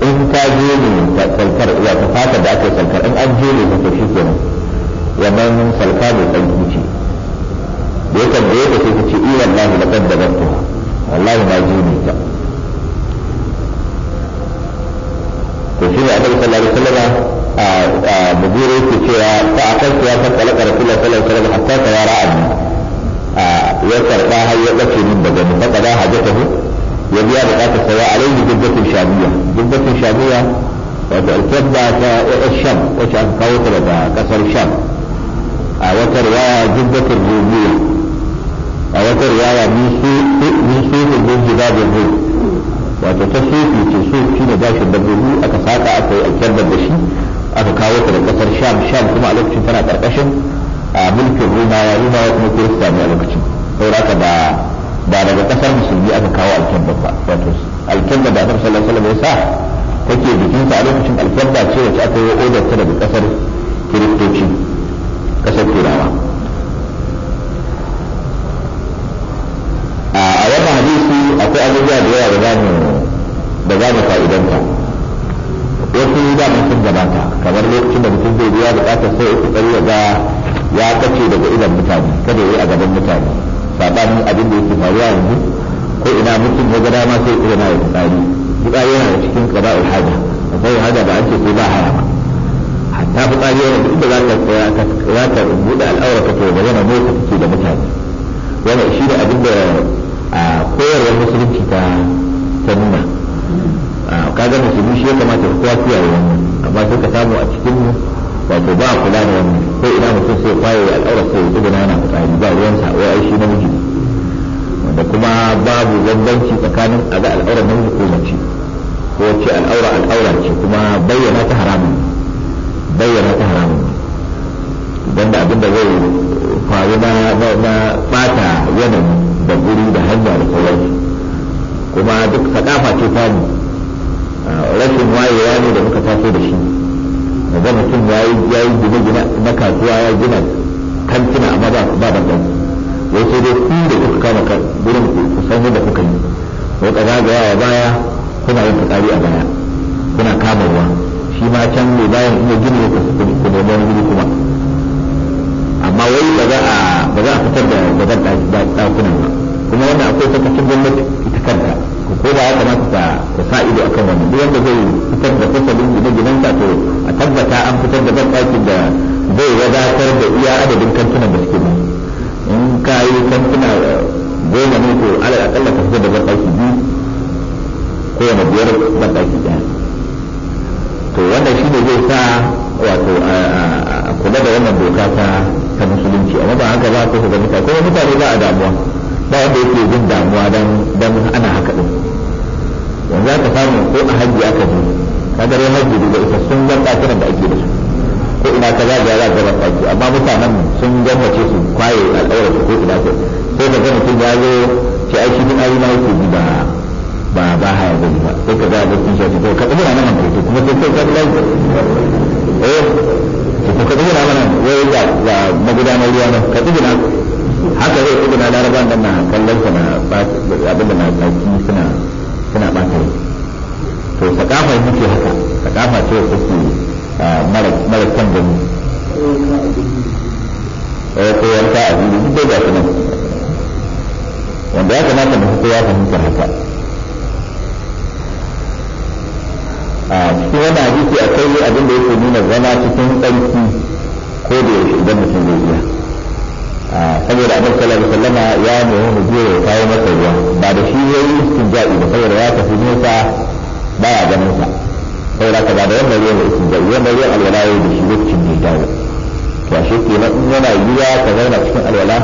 in ka je ne salkar ya ta fata da aka salkar in an je ne ta shi kenan wannan salka mai tsarki ce da ya tambaye ta sai ta ce iya wallahi laqad dabartuha wallahi ma je ne ta to shi ne annabi sallallahu alaihi wasallam a bugure yake cewa ta akan ya san talaka rasulullahi sallallahu alaihi wasallam hatta tawara an ya karba har ya bace min daga mu faqada hajatahu ya biya bukata sawa alaihi jibbatun shabiya jibbatun shabiya wato alkabba ta sham wacce aka kawo ta daga kasar sham a wata riwaya jibbatun rubiya a wata riwaya min su min su da jibabin rubiya wato ta sofi ce sofi da gashin dabbobi aka saka aka yi alkyar da shi aka kawo ta da kasar sham sham kuma a lokacin tana karkashin a mulkin roma ya kuma kirista ne a lokacin saboda haka ba ba daga kasar musulmi aka kawo alkyar ba wato alkyar da aka sallallahu sallar wasallam ya sa take bikinsa a lokacin alkyar ce wacce aka yi odar ta daga kasar kiristoci kasar turawa a wannan hadisi akwai abubuwa da yawa da za mu da za mu fa'idanta wasu da ba gabata kamar lokacin da mutum zai biya bukatar sai uku tsari ga ya kace daga idan mutane kada yi a gaban mutane sabanin abin da yake faruwa yanzu ko ina mutum ya gada ma sai ina yi tsari fitsari yana da cikin qada'ul haja sai haja ba ake sai ba harama hatta fitsari yana da za ka tsaya ka za ka buɗe al'aura ka to da yana motsa kake da mutane wannan shi da abin da a koyarwar musulunci ta ta nuna Ah, kaga musulmi shi ya kamata ku kowa kiyaye wannan amma sai ka samu a cikin mu wato ba kula da wannan ko ina mutum sai kwaye al'aura sai ya na yana fitsari ba ruwan sa wai shi namiji wanda kuma babu bambanci tsakanin a ga al'aura namiji ko mace ko ce al'aura al'aura ce kuma bayyana ta haramun bayyana ta haramun don da abin da zai faru na bata yanayi da guri da hanya da sauransu kuma duk faɗafa ce ta ne ah, rashin wayewa ne da muka taso da shi ga mutum ya yi gine-gine na kasuwa ya gina kantina amma ba ba banbanci wai sai dai ku da kuka kama kan gurin ku san yadda kuka yi wata zagaya a baya kuna yin fitsari a baya kuna kama ruwa shi ma can mai bayan ina gina ya kasu ku nemi wani gini kuma amma wai ba za a fitar da gaban ɗakunan ba kuma wannan akwai sakacin gwamnati ita kanta ko da ya kamata ta ta sa ido akan wannan duk wanda zai fitar da fasalin gidan gidanta to a tabbata an fitar da banɗakin da zai wadatar da iya adadin kantunan da suke in ka yi kantuna goma ne to ala akalla ka fitar da banɗaki biyu ko yana biyar banɗaki ɗaya to wannan shi ne zai sa wato a kula da wannan doka ta ta musulunci amma ba haka ba ko ga mutane ko mutane ba a damuwa ba wanda yake jin damuwa dan ana haka din yanzu aka samu ko a hajji aka je kaga dai hajji daga isassun banɗakunan da ake da su ko ina ka za ga za ga ɗaki amma mutanen sun gwamnace su kwaye a ɗaura su ko ina sai sai ka gani sun ya zo ce ai shi ayi na yake ji ba ba ba haya gani ba sai ka ga da sun shafi ko ka ɗaura nan ko kuma sai ka ga ɗaura eh ko ka ɗaura nan wai ga magudanar ruwa nan ka nan haka zai kudu na laraba da na kallon sa na abin da na zaki suna suna bata yi to sakafa yake haka sakafa ce da take ah, mara kyan gani eh ko ta a jini duk da gashi nan wanda ya kamata mu kowa fahimta haka a cikin wani hadisi akwai abin da yake nuna zama cikin tsarki ko da yaushe idan mutum zai iya saboda abin sallallahu alaihi sallama ya nemi mu je ya kawo masa ruwa ba da shi ya yi istinja'i ba saboda ya tafi nesa ya ganin sa saboda ka ba da wannan ruwan da istinja'i wannan ruwan alwala ya da shi lokacin da ya dawo to ashe na in yana yiwa ka zauna cikin alwala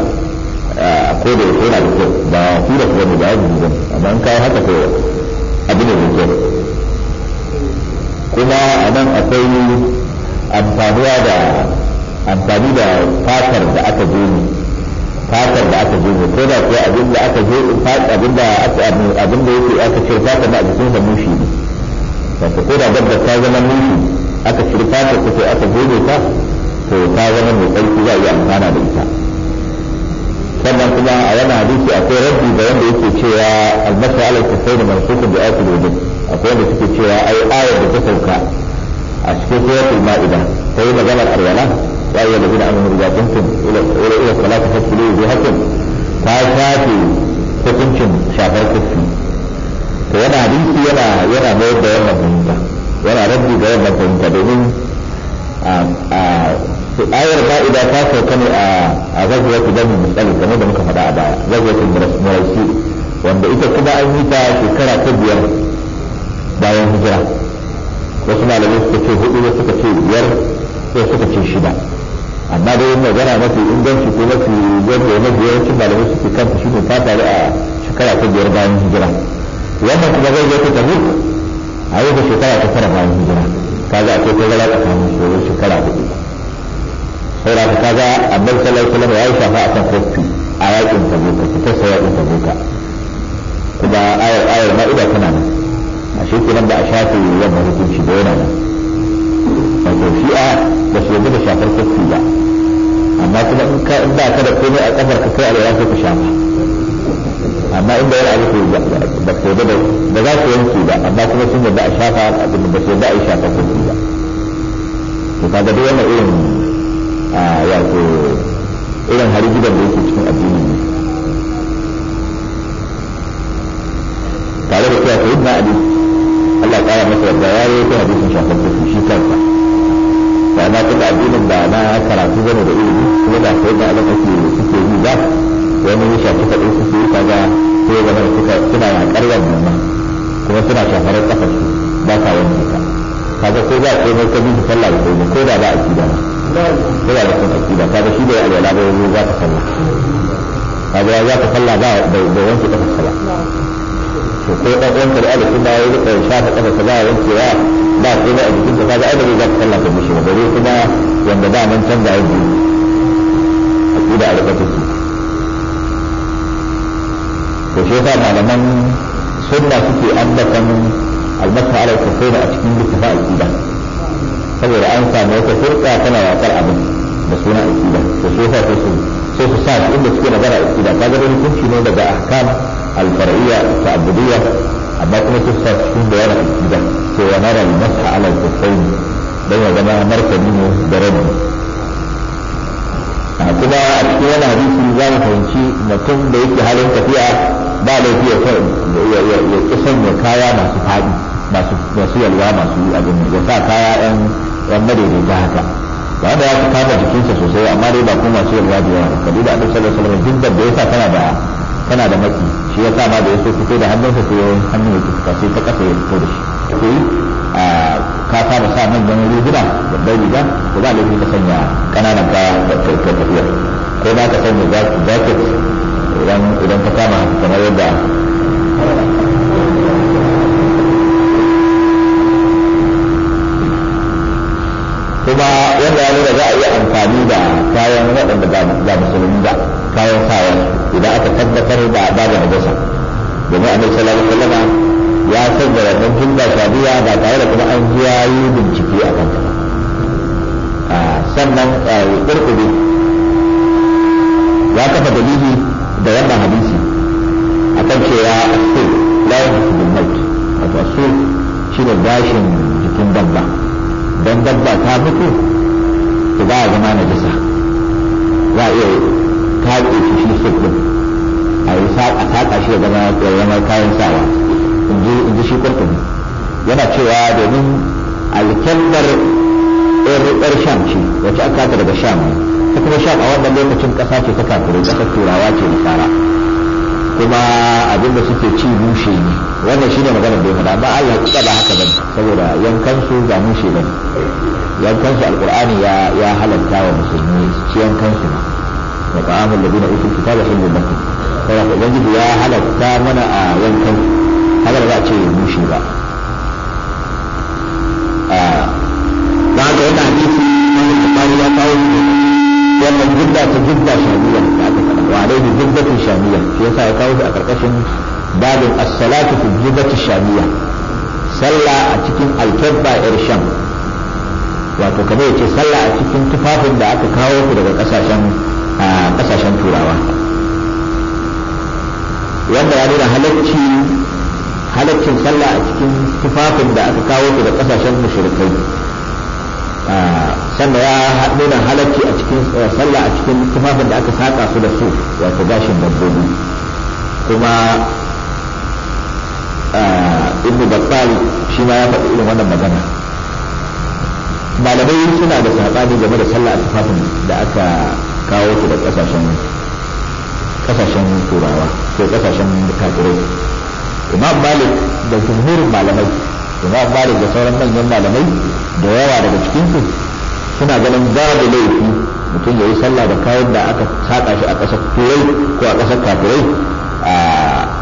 ko da yake yana da kyau ba su da kuma da mu ba amma in kai haka ko abu ne mai kyau kuma a nan akwai amfanuwa da amfani da fatar da aka gome fatar da aka gome ko da kuwa abin da aka je abin da aka abin da yake aka cire fatar da a jikin sa mushi ne wato ko da dabba ta zama mushi aka cire fatar ta sai aka gome ta to ta zama mai tsarki za a yi amfana da ita sannan kuma a wani hadisi akwai rabbi da wanda yake cewa almasu ala ta mansukun da ayatul wujud akwai wanda suke cewa ai ayar da ta sauka a cikin suratul ma'ida ta yi magana alwala ya yi da bid'a mun riga kuntum ila ila salati fasulu bi hakim ta shafe hukuncin shafar kufi to yana hadisi yana yana mai da wannan fahimta yana rabbi da wannan fahimta domin ayar fa'ida ta sauka ne a zagwatu bani musali kamar da muka faɗa a baya zagwatu muraisi wanda ita kuma an yi ta shekara ta biyar bayan hijira wasu malamai suka ce hudu wasu suka ce biyar wasu suka ce shida amma dai magana mafi inganci ko mafi yadda ya mafi yawancin malamai ke kanta shi ne ta faru a shekara ta biyar bayan hijira wannan kuma zai zai ta tabuk a yau da shekara ta tara bayan hijira kaga akwai tazara tsakanin ta wajen shekara hudu saboda ka kaga annabi sallallahu alaihi wasallam ya yi shafa akan kofi a yakin boka ta sa yakin boka kuma ayar ayar ma'ida tana nan a shekuran da a shafe yamma hukunci da yana nan wato shi'a ba su yanzu da shafar kofi ba amma kuma in ka in ba ka da komai a kafar ka kai alwala sai ka shafa amma inda yana abu ko ba ba ko da ba za ku yanke ba amma kuma sun yadda a shafa abin da ba su yadda a yi shafa kofi ba to kaga duk wannan irin a wato irin hari gidan da yake cikin addini ne tare da cewa sayyidina ali Allah ya kara masa yadda ya yi hadisin shafar kofi shi kansa ba na kuma addinin ba na karatu zama da ilimi kuma da sai da alam ake suke yi ba wani ya shafi kaɗin su su kaga ko ya zama suka suna yaƙar wannan ma kuma suna shafarar ƙafar su ba ka wani ka kaga ko za a kai mai kabi su sallah da komai ko da ba a kida ba ko da ba sun akida kaga shi da ya alwala ba yanzu za ka sallah kaga ya za ka sallah ba da wanke ƙafar ba to ko dan uwan ka da ala kuma ya rika shafa kafa ta ba wankewa ba ko ba a jikin ka kaga ai ba zai sallah ta mishi ba bare kuma wanda ba nan canza aiki yi kuda a rika take to shi yasa malaman sunna suke ambatan almasa ala kafir a cikin littafin aqida saboda an samu wata furqa tana wakar abin da suna aqida to shi yasa sai su sai su sa inda suke magana aqida kaga da hukunci ne daga ahkam الفرعية التعبدية أما كما تفسر تكون بيانا الكتاب سوى نرى المسح على الكفين بين جماعة مركبين درجة kuma a cikin wani hadisi za fahimci mutum da yake halin tafiya ba laifi ya kisan ya kaya masu faɗi masu yalwa masu abin ya sa kaya yan yan haka ba da ya fi kama jikinsa sosai amma dai ba masu yalwa da yawa kabila annabi sallallahu alaihi wasallam duk da ya sa tana da tana da maki shi ya sa da ya so fito da hannunsa sai hannun ya tuka sai ta kasa ya fito da shi ko a ka fara sa manyan da dai riga ko ba laifi ka sanya kananan kaya da kai tafiya ko ba ka sanya jacket idan idan ka kama kamar yadda kuma wanda ya nuna za a yi amfani da kayan waɗanda ba musulmi ba kayan sawa idan aka tabbatar da babu najasa domin annabi sallallahu alaihi wasallam ya da wannan jinda shabiya ba tare da kuma an ji yayi bincike a kanta ta ah, sannan kurkudu eh, ya kafa dalili da wannan hadisi akan cewa asul la yahsul maut wato shi shine gashin jikin dabba don dabba ta mutu to ba a zama na jisa za a iya kaɗe shi shi sukun a yi saƙa shi ya zama kayan sawa in ji shi kurkumi yana cewa domin alkyandar ɗarɗar sham ce wacce aka ta daga sham ta kuma sham a wannan lokacin ƙasa ce ta kafin ƙasar turawa ce da fara kuma abinda suke ci bushe ne wannan shine maganar da yana amma Allah kuka ba haka bane saboda yankan su ba mun shi bane yankan su alqur'ani ya ya halalta wa musulmi ci yankan su ma wa ta'amul alladhina utul kitaba hillu lakum saboda ubangiji ya halalta mana a yankan haka ba ce mun shi ba a ba ga wannan hadisi Bukhari ya kawo wannan jidda ta jidda shamiyya da aka faɗa wa alaihi jiddatun shamiyya shi yasa ya kawo shi a karkashin babin as-salatu fi jubati shamiya sallah a cikin alkebba irsham wato kamar yace sallah a cikin tufafin da aka kawo ku daga kasashen kasashen turawa wanda ya nuna halacci halaccin sallah a cikin tufafin da aka kawo ku da kasashen mushrikai sannan ya nuna halacci a cikin sallah a cikin tufafin da aka saka su da su wato gashin dabbobi kuma ibnu battal shi ma ya faɗi irin wannan magana malamai suna da saɓani game da sallah a tufafin da aka kawo su da ƙasashen kasashen turawa ko ƙasashen kafirai imam malik da jumhurin malamai imam malik da sauran manyan malamai da yawa daga cikinsu suna ganin babu laifi mutum ya yi sallah da kayan da aka saƙa shi a ƙasar turai ko a ƙasar kafirai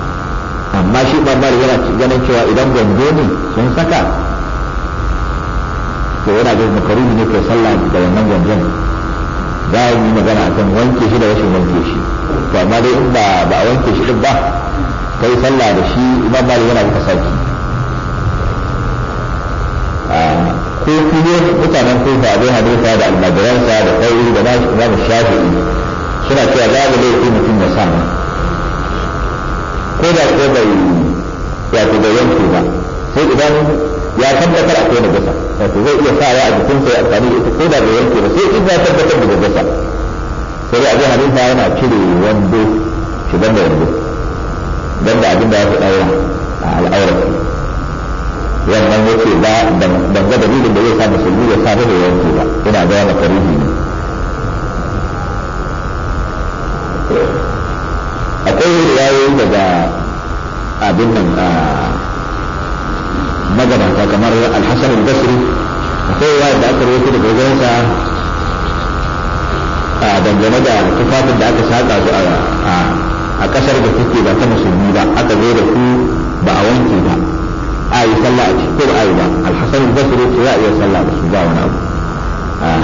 amma shi ɓangar yana ganin cewa idan gwanzo ne sun saka to yana da makaruni ne kai sallah da wannan gwanzon za a yi magana a kan wanke shi da rashin wanke shi to amma dai in ba a wanke shi din ba kai sallah da shi imam yana maka saki ko kuma mutanen kofa abin hadisa da almajiransa da kai da ba shi imam shafi'i suna cewa za a laifi mutum ya sa ko da ko bai ya ko bai yanke ba sai idan ya tabbatar akwai gasa wato zai iya sa ya a sa ya amfani da ita ko da bai yanke ba sai in ya tabbatar da gasa sai dai abin halifa yana cire wando shi da wando dan da abin da ya fi daura a al'aurar wannan yake ba ban ga dalilin da zai sa musulmi ya sa da yanke ba ina ga yana karihi ne akwai riwayoyi daga abin nan magabata kamar alhassan al-basri akwai ruwa da aka rubuta daga wajensa a dangane da tufafin da aka saka su a kasar da take ba ta musulmi ba aka zo da su ba a wanke ba a yi sallah a ciki ko ba a yi ba alhassan al-basri ko za a iya sallah da su ba wani abu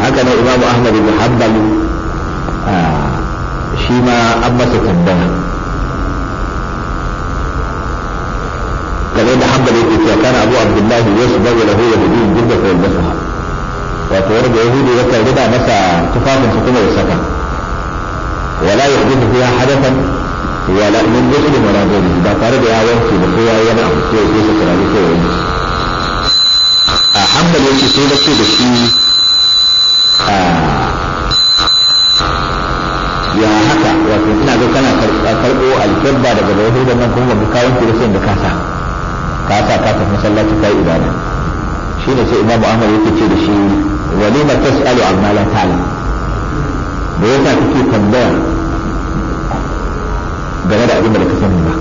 haka ne imamu ahmad ibn hanbal shi ma an masa tambaya kamar da hanbali ke cewa kana abu abdullahi wasu babu lahu ya hudu dubba ko yadda sa wato wani da yahudi ya kan rida masa tufafin su kuma ya saka wala ya hudu fiya hadafan wala min gusli wala gori ba tare da ya wanke ba ko ya yi wani abu ko ya kusa turare ko ya yi musu a hanbali ya ce sai da ce da shi ya haka wato ina ga kana karɓo alkyabba daga da yahudi nan kuma ba ka wanke da sai da kasa ka sa ka tafi masallaci kai ibada shine sai imamu ahmad yake ce da shi walima tasalu amma la ta'lam da yasa kake tambaya game da abin da ka sani ba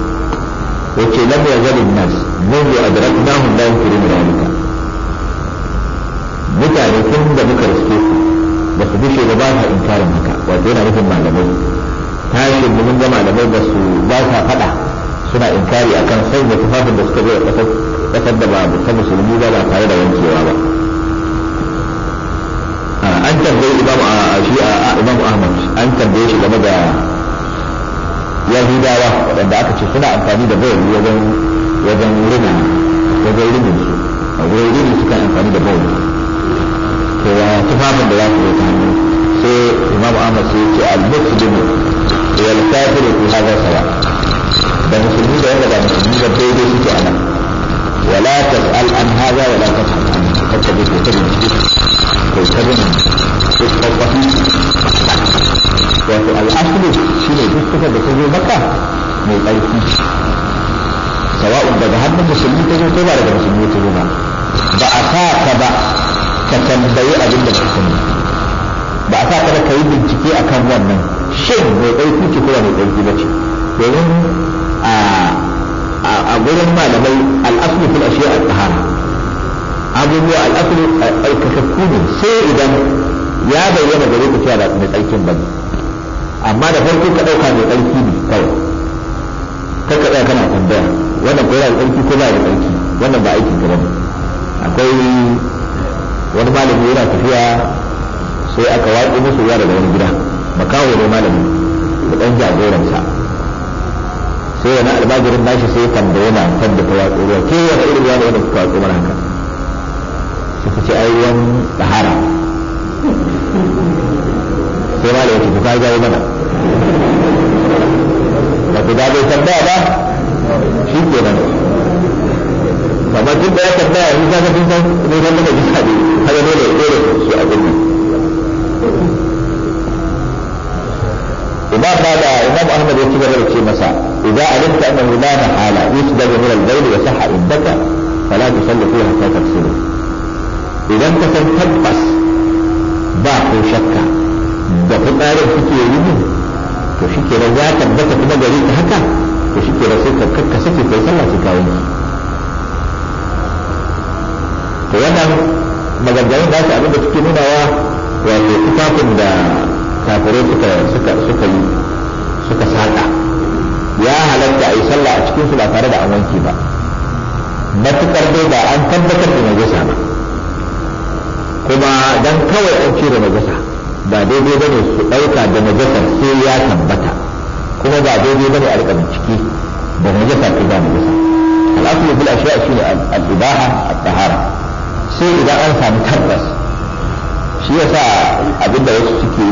yace ya yazalun nas منذ أدركناهم لا ينكرون ذلك mutane tun da muka riske su ba su bushe ba ba sa inkarin haka wato yana nufin malamai tashin mun ga malamai ba su ba sa faɗa suna inkari akan sanya tufafin da suka zo da kasar da ba ta musulmi ba ba tare da wankewa ba an tambaye imam a shi a imam ahmad an tambaye shi game da yahudawa waɗanda aka ce suna amfani da bayani wajen wajen rinin wajen rumun su a wurin su suka amfani da bayani to ya tufafin da za su zo ta hannu sai imam ahmad sai ce al ya wal da fi zai sawa da musulmi da wanda ba musulmi ba daidai suke a nan wala tas'al an haza wala tas'al an kacce bai kai ta bincike kai ta bin tsofaffi wato al'asulu shi ne duk kuka da ta zo maka mai ƙarfi sawa'un daga hannun musulmi ta zo ko ba daga musulmi ta ba ba a sa ka ba ka tambayi abin da musulmi ba a sa ka da ka yi bincike akan wannan shin mai ƙarfi ce ko ba mai ƙarfi ba ce domin a gurin malamai al'aslu fil ashiya al-tahara abubuwa al'aslu aikakakku ne sai idan ya bayyana gare ku cewa mai tsarkin bane amma da farko ka dauka mai tsarki ne kawai kar ka tsaya kana tambaya wannan ko yana tsarki ko ba da tsarki wannan ba aikin ka ne. akwai wani malami yana tafiya sai aka watsi musu ruwa daga wani gida makawo ne malami da ɗan jagoransa sai wani albajirin nashi sai tambaye na kan da tawatsu ruwa ke wani irin ruwa da wanda kuka watsu mana haka suka ce ai ruwan tsahara sai ma da yake kuka jawo mana ba ku da bai tambaya ba shi ke nan kamar duk da ya tambaya yanzu ka ga sun san ne kan da ka ji sabi har dole ya dole su a gudu ba da imam ahmad ya ci gaba da ce masa idza alimta annahu la mahala yusdabu min al-bayl wa sahha indaka fala tusalli fiha hatta tafsiru idan ka san tabbas ba ko shakka da fitarin kuke yi to shi ke ya tabbata kuma gari ta haka to shi ke sai ka kakka sake kai sallah su kawo ni to wannan maganganun ba su abinda suke nunawa wato kufafin da kafirai suka suka suka yi suka saka ya halatta a yi sallah a cikin su ba tare da an wanke ba matukar dai ba an tabbatar da najasa ba kuma dan kawai an cire najasa ba daidai bane su ɗauka da najasa sai ya tabbata kuma ba daidai bane a rika bincike da najasa ko ba najasa al'asulu bil ashiya shine al-ibaha at-tahara sai idan an samu tabbas shi yasa abinda wasu suke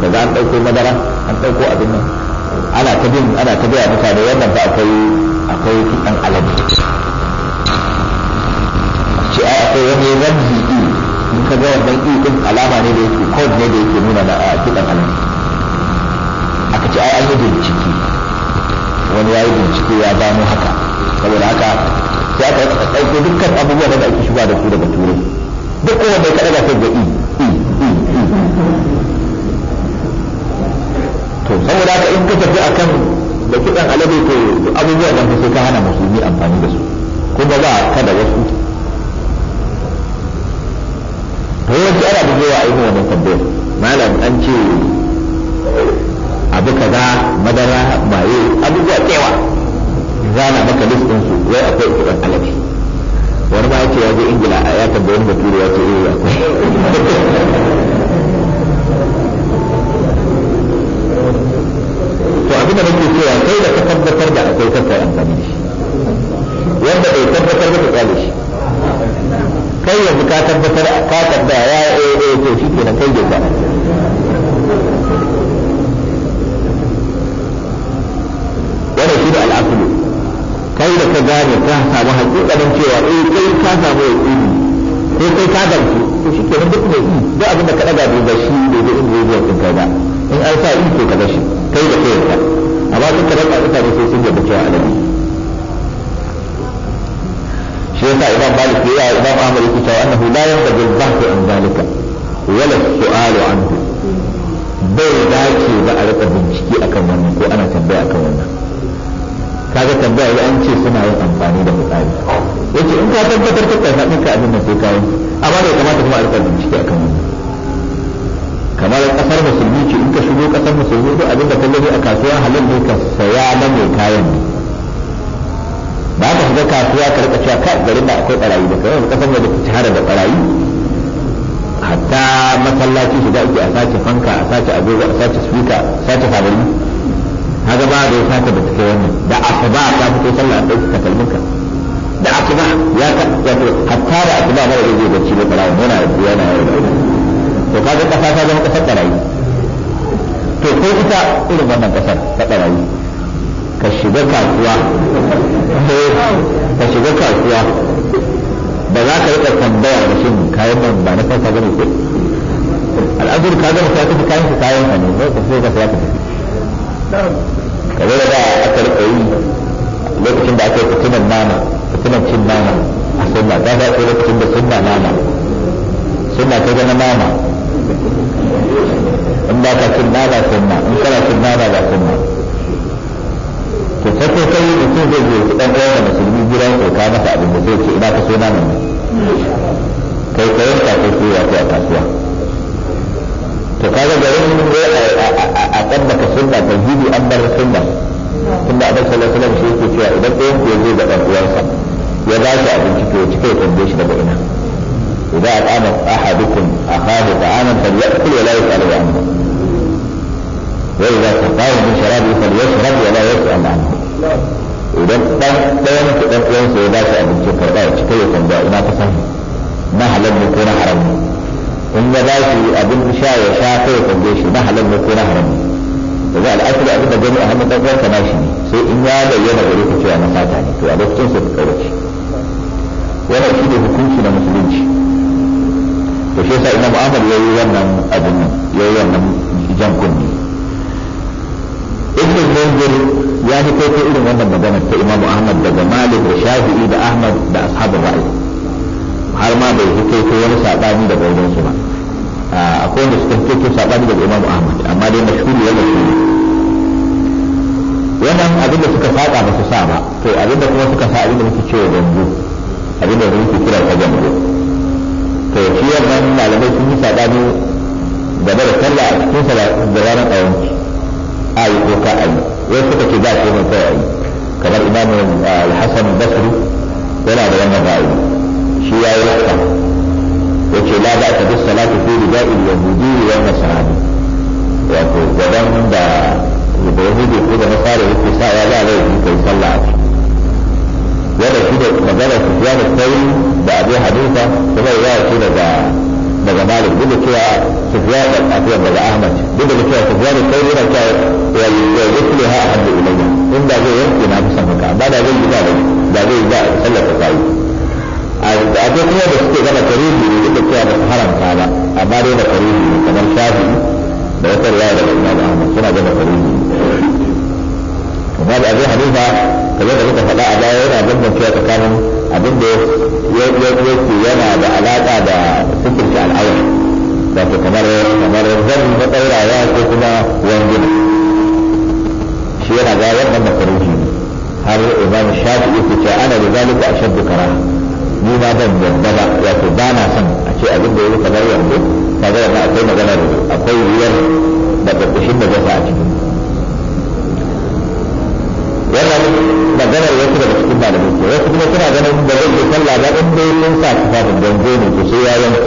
daga an ɗauko madara an ɗauko abin nan ana ta bin ana ta biya mutane wannan ba akwai akwai kitan alabi ce a akwai wani ramzi i in ka ga wannan i din alama ne da yake code ne da yake nuna na kitan alabi aka ce ai an yi bincike wani ya yi bincike ya gano haka saboda haka ya ka ɗauko dukkan abubuwa da ake shiga da su daga turai duk kowanne ka ɗaga sai ga i i i to saboda haka in ka tafi akan da kidan alade to abubuwan nan sai ka hana musulmi amfani da su ko ba za ka da wasu to yawanci ana bugewa a yi wannan tambayar malam an ce abu kaza madara maye abubuwa tsewa zana maka listin su wai akwai kiɗan alade wani ma ya ce ya je ingila ya tambayi bature ya ce eh akwai to abin da nake cewa kai da ka tabbatar da akwai kanka amfani da shi wanda bai tabbatar da ka shi kai yanzu ka tabbatar ka tabbata ya eh eh ko shi kenan kai da ka wanda shi da al'aqlu kai da ka gane ka samu hakikanin cewa eh kai ka samu yaqini ko kai ka gamsu to shi ke kenan duk mai yi duk abinda ka ɗaga bai shi bai da inda zuwa kai ba in ai sa iko ka bashi kai da kai amma duk da ka tsaka sai sun yadda cewa alabi shi yasa idan malik ya yi idan amr yake cewa annahu la yanbaghi al-bahth an zalika wala su'al anhu bai dace ba a rika bincike akan wannan ko ana tambaya akan wannan kaga tambaya ya an ce suna yin amfani da misali yace in ka tabbatar ka kasa ka abin da sai kai amma da kamata kuma a rika bincike akan wannan kamar kasar musulmi ce in ka shigo kasar musulmi duk abin da ka gani a kasuwa halal ne ka saya na mai kayan ne ba ka shiga kasuwa ka rika cewa kai garin da akwai barayi da kawai kasar da ta shahara da barayi hatta masallaci shiga ake a sace fanka a sace agogo a sace speaker a sace kabari haka ba da ya sace da take wannan da asuba ta fito sallah da ka kalmunka da asuba ya ka hatta da asuba ba da zai bacci ba kana yana yana yana to kaga kasa ta zama kasar barayi to ko ita irin wannan kasar ta barayi ka shiga kasuwa ka shiga kasuwa ba za ka rika tambaya da shin kayan nan ba na kansa bane ko al'adur ka ga mutum ya tafi kayan ka kayan sa ne ba ka sai ka sai ka tafi kamar da aka rika yi lokacin da aka yi fitinan nama fitinan cin nama a sunna ta ga lokacin da sunna nama sunna ta ga nama in ba ka sunna ba sunna in kana sunna ba ba sunna to ko kai mutum zai je ki dan uwan musulmi gidan ko ka masa abin da zai ce ina ka sona nan kai kai ka kai ko ya ta kasuwa to kaga garin mun ga a kadda ka sunna tauhidi an bar sunna tunda abin sallallahu alaihi wasallam shi yake cewa idan ɗayan ku ya zo da ɗan uwansa ya ba shi abinci to ya ci tambaye shi daga ina إذا أطعم أحدكم أخاه طعاما فليأكل ولا يسأل عنه وإذا سقاه من شرابه فليشرب ولا يسأل عنه idan dan ɗayan ku dan ɗayan sai ya ba shi abinci karɓa ya cika ya tambaya ina ka sani na halal ne ko na haram ne in ya ba shi abin sha ya sha ko ya tambaye shi na halal ne ko na haram ne daga al'asiri abin da gani a hannun ɗan ɗayan na shi ne sai in ya bayyana gare ka cewa na sata ne to a lokacin sai ka kaurace wannan shi ne hukunci na musulunci da shi yasa imam ahmad ya yi wannan abin nan ya yi wannan jan kunni ibn munzir ya fi kai irin wannan magana ta imam ahmad daga malik da shafi'i da ahmad da ashabu ra'i har ma bai fi kai wani sabani da wajen su ba akwai wanda suka fi kai sabani daga imam ahmad amma dai mashhuri ya mashhuri wannan abin da suka fada ba su sa ba to abin da kuma suka sa abin da muke cewa gambo abin da muke kira ta gambo to shi wannan malamai sun yi sabani game da sallah a cikin sallah da ranar awanci a yi ko ka ayi wasu suka ce ba shi mai kawai ayi kamar imamu ah, al-hasan basri yana da wannan ra'ayi shi ya yi haka yace la ba ta bis salatu fi rida'il yahudi wa nasrani wato gaban da da yahudi ko da nasara yake sa ya za a yi kai sallah a cikin wanda shi da magana su ya da sauri da abu hadisa kuma ya shi daga daga malik duk da cewa su da afiyar daga ahmad duk da cewa su da sauri yana cewa ya yusli ha hadu ilayya da zai yanke na fi san haka ba da zai yi ba da zai yi ba sai a duk kuma da suke gana tarihi ne duk da cewa ba su haramta ba amma dai da tarihi ne kamar shafi da wata riwaya daga imam ahmad suna gana tarihi ne amma da abu hadisa kamar da muka faɗa a baya yana bambancewa tsakanin abin da yake yana da alaƙa da sukunta da wato kamar kamar zan na ɗaurawa ko kuma wangina shi yana ga wannan makaruhi har imam shafi yake ce ana da zalika shan kara ni ma zan yadda ba wato ba na son a ce abin da yi kamar yanzu zai yana akwai magana akwai wuyar da ƙarƙashin da gasa a cikin wannan maganar wasu daga cikin malamai ke wasu kuma suna ganin da zai yi sallah ba in dai sun sa tufafin dango ne to sai ya yanke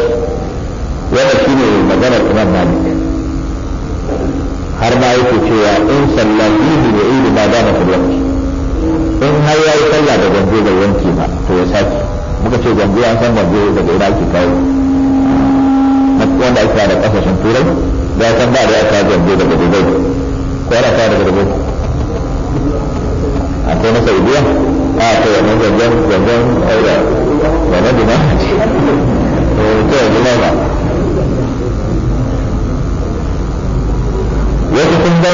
wannan shine maganar imam malik har ma yake cewa in sallah idi da idi ba da ku yanki in har ya yi sallah da gango bai yanke ba to ya sake muka ce gango an san gango daga ina ake kawo wanda ake da kasashen turai da ya san ba da ya kawo gango daga dubai ko ana kawo daga dubai akwai na saudiya a ta wannan zanzan zanzan aura na dina ce ta yanzu na ba wasu sun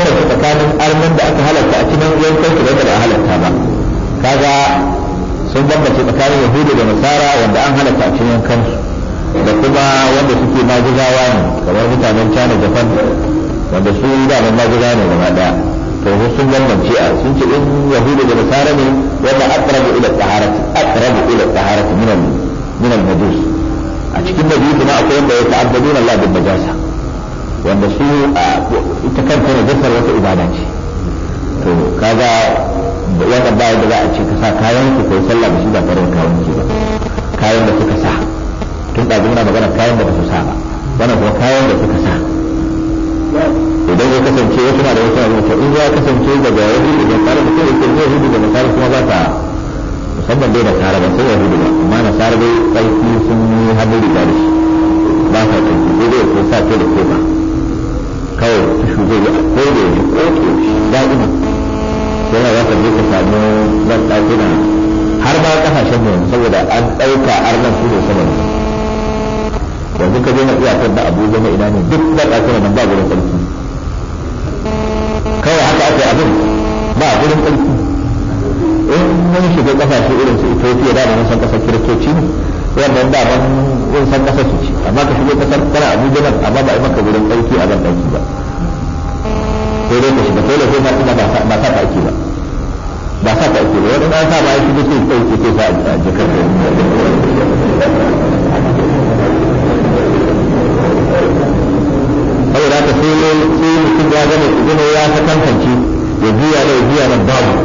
su tsakanin armin da aka halatta a cikin yankin su da ba a halatta ba kaga sun su tsakanin yahudu da nasara wanda an halatta a cikin yankansu da kuma wanda suke majigawa ne kamar mutanen china japan wanda su da majigawa ne gaba daya domin sun bambance a sun ce in yahudu da nasara ne wanda aqrabu ila taharati aqrabu ila taharati minan minan majus a cikin majus kuma akwai wanda ya ta'abbaduna Allah bil majasa wanda su ita kanta najasar wata ibada ce to kaga wanda ba da za a ce ka sa kayan ku kai sallah da shi ba tare da kayan ki ba kayan da suka sa tun da muna magana kayan da ba su sa ba wannan kuma kayan da suka sa idan ya kasance wasu na da wasu na to in ya kasance daga yahudi da tsara da kuma zai hudu da nasara kuma ba ta musamman dai nasara ba sai hudu ba amma nasara dai tsarki sun yi hannun da shi ba ta tsarki sai dai ko sa ke da ba kawai ta shugo ya ko da ya ko ke da'ima sai ya zaka zai ka samu ban ɗakuna har ma kasashen mu saboda an ɗauka arnan su ne sama yanzu ka je na iyakar da abu zama ina ne duk da kira nan ba gurin tsarki kawai haka ake abin ba a gurin tsarki in eh, mun shiga kasashe irin su ethiopia da mun san kasar kirkoci ne wanda da ban mun san kasar su ce amma ka shiga kasar kana abuja nan amma ba a yi maka gurin tsarki a ban ba sai dai ka shiga dole sai ma ina ba sa ka ba ba sa ka ake ba wani ba sa ba ya shiga sai ɗauke sai sa a jakar da saboda haka sai ne sai ya gane kuma ya ta tantance ya juya ne ya juya nan babu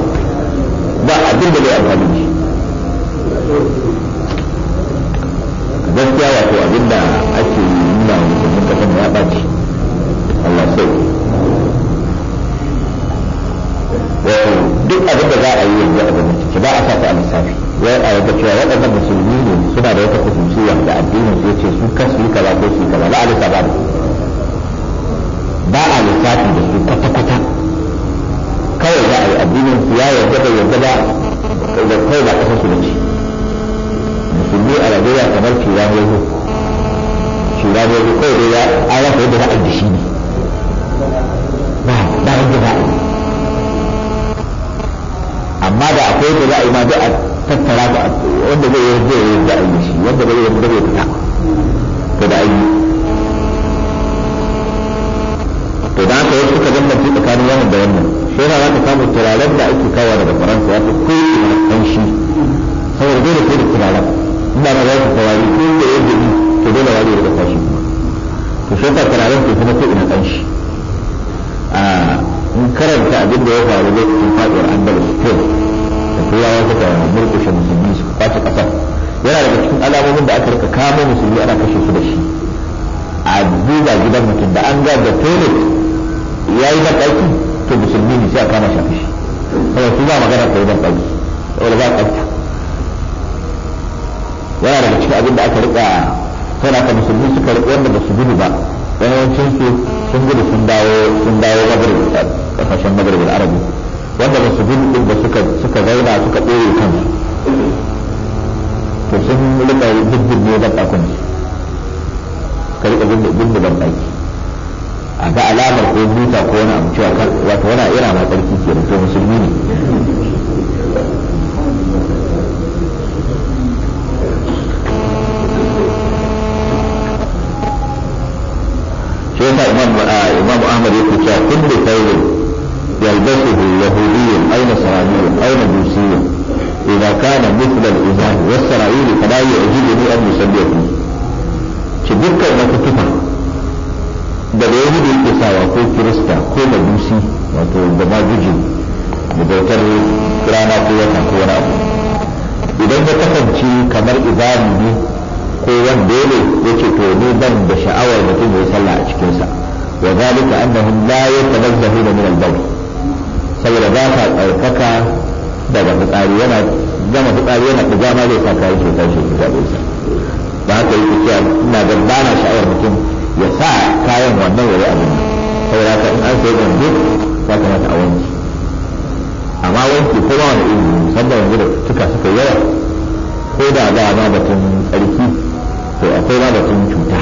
ba abin da bai amfani shi gaskiya wato abin da ake yi nuna musulmin kasan ya ɓaci Allah sai duk abin da za a yi yanzu a gwamnati ba a sa ta a lissafi wai a yadda cewa waɗannan musulmi ne suna da wata kusurci da addinin su ce su kan su yi kaza ko su yi kaza ba a lissafa da ba a lissafi da su kwata-kwata kawai za a yi addinin su ya yarda da yarda ba da kawai ba kasar su da ce musulmi a Najeriya kamar turan yanzu turan yanzu kawai dai ya ara rasa yadda za a da shi ne ba ba yadda ba amma da akwai yadda za a yi ma duk tattara ba wanda zai yi zai yi da ayi shi wanda zai yi zai da ta da ayi to da haka wasu ka bambance tsakanin wannan da wannan sai na zaka samu turaren da ake kawo daga faransa ya fi koyi na kanshi saboda dole ko da turaren ina na zaka kawari ko da yadda ni to dole wani daga kashi to sai ka turaren ke kuma ko ina kanshi a ah, in karanta abin da ya faru lokacin faɗuwar andalus kyau turawa suka murkushe musulmi suka kwace kasar yana daga cikin alamomin da aka rika kamo musulmi ana kashe su da shi a duba gidan mutum da an ga da toilet ya yi da ƙarfi to musulmi ne sai a kama shafi shi saboda su ba magana ko ban ƙarfi saboda ba ƙarfi yana daga cikin abin da aka rika sai aka musulmi suka rika wanda ba su gudu ba yawancin su sun gudu sun dawo sun dawo magrib kasashen magrib arabu wanda ba su bin din da suka suka zauna suka ɓoye kan to sun rika dubbin ne ban ɗakun ne ka rika dubbin ban ɗaki a ga alamar ko buta ko wani abu cewa wata wani ira ma tsarki ke to musulmi ne shi yasa imam ah, ahmad yake cewa kullu sayyid يلبسه يهودي أو نصراني أو مجوسي إذا كان مثل الإزار والسرائيل فلا يعجبني أن يسميه تبكى ما كتبه da da yahudi ke sawa ko kirista ko majusi wato da majujin da bautar rana ko wata ko wani abu idan ya kasance kamar izami ne ko wanda ne ce to ni ban da sha'awar mutum ya sallah a cikinsa wa zalika annahum la yatanazzahuna min al-bawl saboda ba ta ɗaukaka daga fitsari yana gama fitsari yana ɗiga ma zai sa kayan cutar shi da sa ba haka yi cewa ina da bana sha'awar mutum ya sa kayan wannan wuri abin saboda haka in an sai duk ya kamata a wanki amma wanki ko ba wani iri musamman yanzu da tuka suka yawa ko da ba ma batun tsarki to akwai ma batun cuta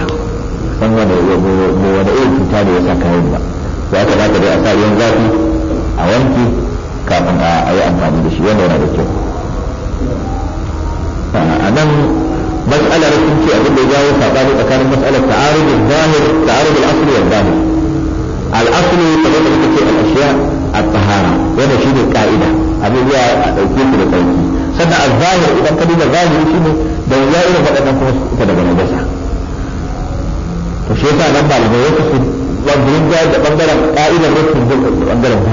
san wani irin cuta da ya sa kayan ba ya kamata dai a sa ruwan zafi a wanke kafin a yi amfani da shi wanda yana da kyau a nan matsalar sun ce abin da ya jawo saɓani tsakanin matsalar ta'arud zahir ta'arud al-asli wal zahir al-asli kamar da muka ce a ashiya at-tahara wanda shine ka'ida abubuwa a ɗauke su da tsarki sannan al-zahir idan ka duba zahiri ne da ya da waɗannan kuma suka daga najasa to shi yasa nan ba malamai wasu sun wanzurin ja da bangaren ka'idar rukun zai da bangaren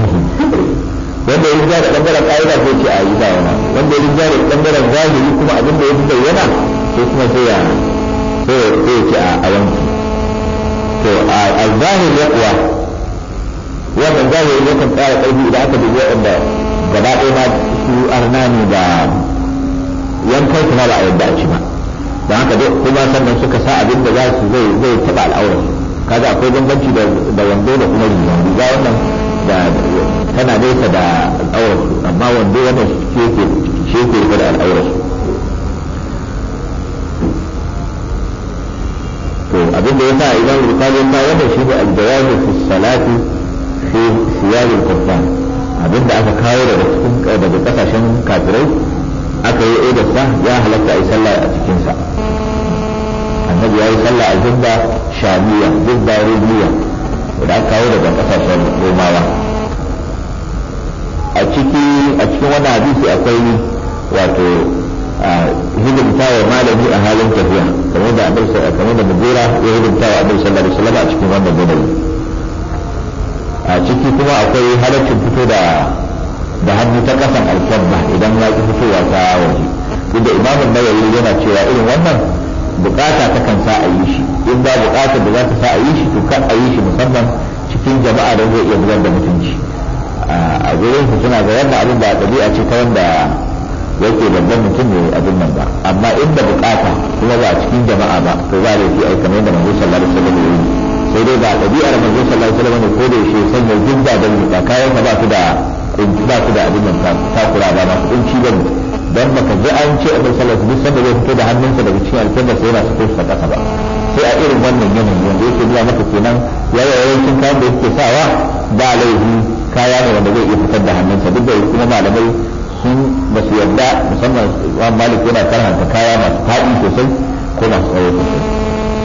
zahiri wanda ya ja da bangaren ka'idar ko ce a yi ba yana wanda ya ja da bangaren zahiri kuma abin da ya fi bayyana ko kuma sai ya sai ya ce a wanki to a zahiri ya kuwa wannan zahiri ya kan tsara ƙarfi idan aka dubi waɗanda gaba ɗaya ma su arna ne da yankan kuma ba a yadda a ci ba don haka kuma sannan suka sa abin da za su zai taɓa al'aurar kaga akwai bambanci da wando da kuma riga riga wannan da tana nesa da al'aurar su amma wando wannan shi ke shi da al'aurar su to abinda ya sa idan rukali ma wanda shi ne aljawazu fi salati fi siyarin qur'an abinda aka kawo daga cikin daga kasashen kafirai aka yi idarsa ya halatta a yi sallah a cikinsa. sa annabi ya yi sallah a jidda shamiya jidda rubiya da aka kawo daga kasashen romawa a ciki a cikin wani hadisi akwai wato hidimta wa malami a halin tafiya kamar da abin kamar da mujira ya hidimta wa abin sallallahu alaihi a cikin wannan gudun a ciki kuma akwai halaccin fito da da hannu ta kasan alkyabba idan ya ki fitowa ta waje duk da imamin nawawi yana cewa irin wannan bukata ta kan sa a yi shi in ba bukata da za ta sa a yi shi to kan a yi shi musamman cikin jama'a da zai iya zubar da mutunci a gurin su suna ga wannan abin ba ɗabi'a ce ta wanda yake babban mutum ne abin nan ba amma inda bukata kuma ba cikin jama'a ba to za laifi ai kamar da manzo sallallahu alaihi wasallam sai dai ga ɗabi'ar manzo sallallahu alaihi wasallam ko da yake sanya zubba da zuba kayan ba su da ba su da abin nan takura ba masu kunci ba dan maka ji an ce a sallallahu alaihi wasallam zai fito da hannunsa daga cikin aljanna sai yana fito sa kasa ba sai a irin wannan yanayi wanda yake nuna maka kenan yayin kayan da yake sawa ba laifi kaya ne wanda zai iya fitar da hannunsa duk da kuma malamai sun ba su yarda musamman Imam Malik yana karanta kaya masu faɗi sosai ko masu tsawo sosai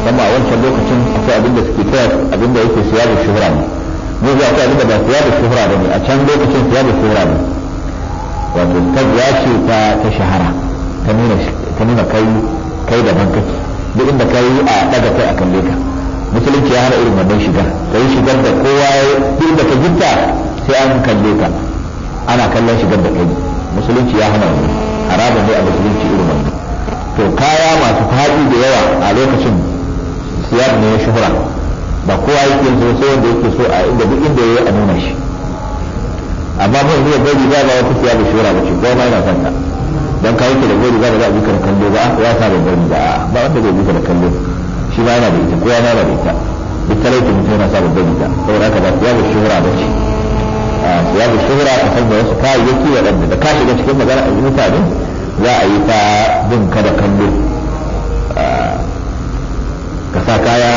kuma a wancan lokacin akwai abin da suke kawai abin da yake siya da shuhura ne yanzu akwai abin da ba siya da shuhura ba ne a can lokacin siya da shuhura ne wato ta ya ce ta ta shahara ta nuna ta nuna kai kai da bankaki duk inda kai a daga kai a kalle ka musulunci ya hana irin wannan shigar kai shigar da kowa duk da ka gitta sai an kalle ka ana kallon shigar da kai musulunci ya hana wannan haramun ne a musulunci irin wannan to kaya masu fadi da yawa a lokacin siyar ne ya shuhura ba kowa yake so sai wanda yake so a inda duk inda yayi a nuna shi amma ba zai ga riga ba wata siyar da shuhura ba ce ko ma yana son ta dan ka yake da gori za ba za a bi ka kallo ba ya ta da gori ba ba wanda zai bi ka da kallo shi ba yana da ita kowa yana da ita duk talaitin mutum yana sa da babban ba saboda haka ba siyar da shuhura ba ce ya da shura a kan da wasu kayayyaki waɗanda da ka shiga cikin magana a yi mutane za a yi ta bin kada kallo ka sa kaya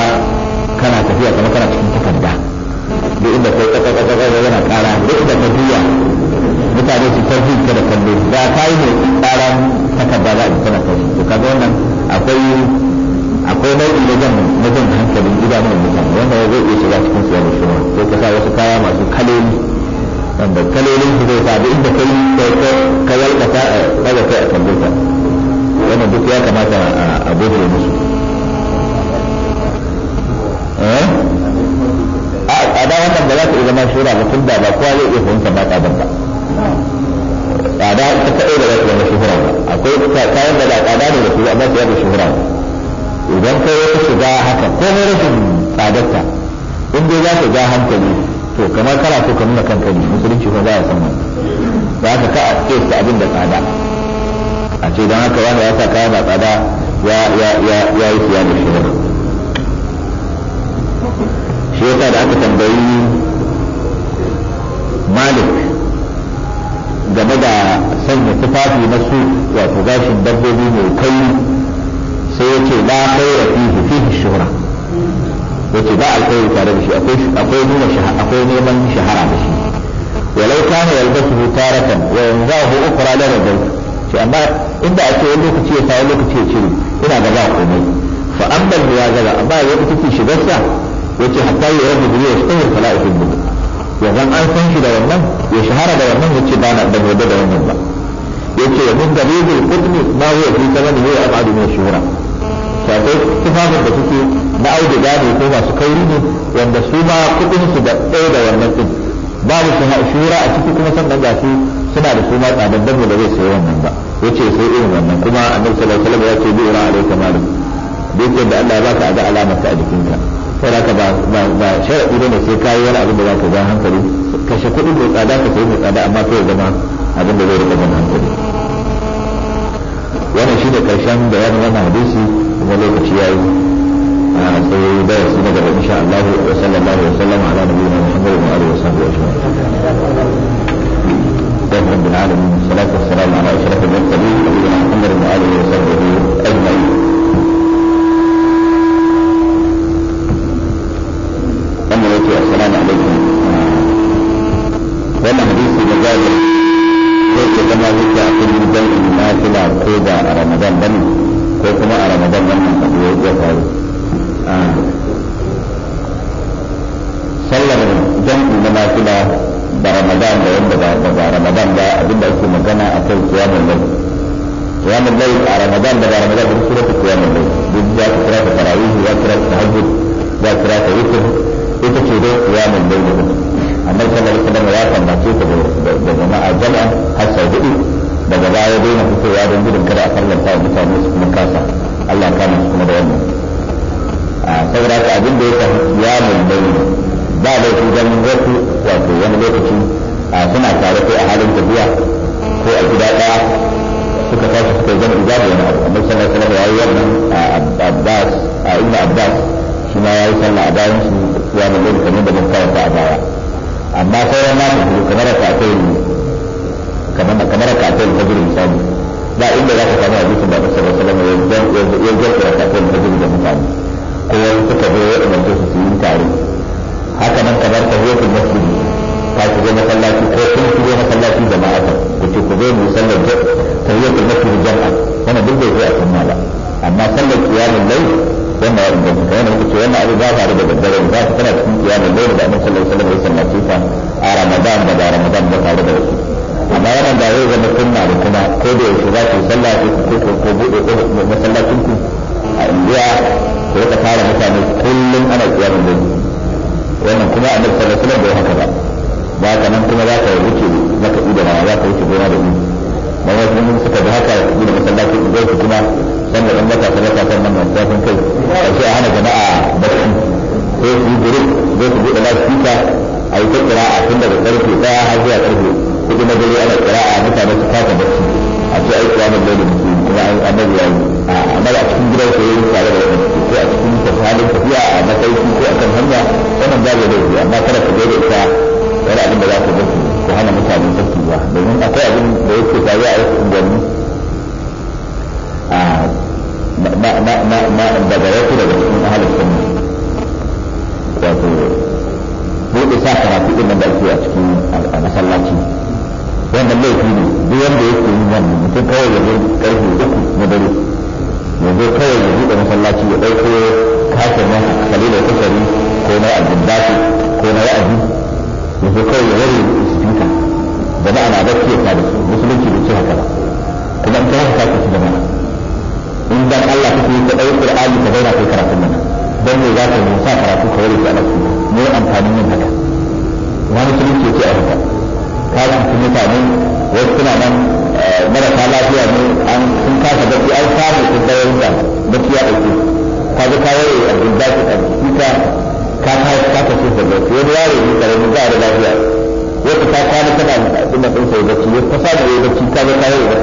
kana tafiya kamar kana cikin takarda duk inda kai kaka kaka ga yana kara duk inda ka juya mutane su ta jinka da kallo da ka yi ne kara takarda za a ji kana kai to kaga wannan akwai akwai nau'i na jan na jan hankalin idanun mutane wanda zai iya shiga cikin su shi ma sai ka sa wasu kaya masu kaloli wanda kalolin su zai sa duk inda kai ka ta a kaga kai a kallo ta wannan duk ya kamata a bude musu Eh? a da wannan ba za ta iya zama shura ba tun da ba kowa zai iya fahimta ba ta ba tsada ta kaɗai da za ta zama shuhura ba akwai kayan da ba tsada ne da su amma su yaba shuhura ba idan ka yi shiga haka ko mai rashin tsadarta in dai za ka ja hankali to kamar kana so ka nuna kanka ne musulunci ko za ya san wannan da haka ka kesa abin da tsada a ce don haka wanda ya sa kaya ba tsada ya yi siya da shuhura shi yasa da aka tambayi malik game da sanya tufafi na su wato gashin dabbobi mai kai sai ya ce la khaira fihi fihi shuhra yace ba alkhairi tare da shi akwai akwai nuna akwai neman shahara da shi walau kana yalbasu taratan wa yanzahu ukra da rajul ce amma inda a ce wani lokaci ya sa wani lokaci ya cire ina ga a komai fa amma ya zaga amma ya ita ce shigarsa yace hatta ya rabu biyu ya tsaya fala cikin ya zan an san shi da wannan ya shahara da wannan yace ba na da gobe da wannan ba yace ya mun gabe da kudni ma huwa fi zaman huwa abadu min shuhura wato tufafin da suke na auduga ne ko masu kauri ne wanda su ma kudin su da ɗaya da wannan din babu shura a ciki kuma sannan ga su suna da su ma tsadan mu da zai sayi wannan ba yace sai irin wannan kuma annabi sallallahu alaihi wasallam ya ce bi'ra alayka malik duk da Allah ya baka ga alamar ta a jikinka saboda ka ba ba sharadi sai kai wani abin da za ka ga hankali kashe kuɗi da tsada ka sayi mai tsada amma kai zama abin da zai rika ban hankali wannan shine karshen bayanin wannan hadisi kuma lokaci yayi sai darasi na gaba insha Allah wa sallallahu alaihi wa sallam ala wa alihi wa sahbihi رب العالمين والصلاة والسلام على أشرف المرسلين نبينا محمد وصحبه أجمعين ko na aljinnati ko na ra'ayi yanzu kawai ya ware spika jama'a na bacci ke da su musulunci da ce haka ba kuma in ta haka ta ci jama'a in dan Allah kake yi ka ɗau Qur'ani ka zauna kai karatun nan don ne za ka yi sa karatu ka ware shi a lafi ne amfanin yin haka wani musulunci ya ce a haka kafin su mutane wasu suna nan eh, marasa lafiya ne an sun kasa bacci an samu sun tsayar da bacci ya ɗauke ka ga kawai da gudanar da ka ta ta ta ce sabon sai wani yaro ne karamin da lafiya ta kwana da sai ya ta yi bacci ka ga ta yi ya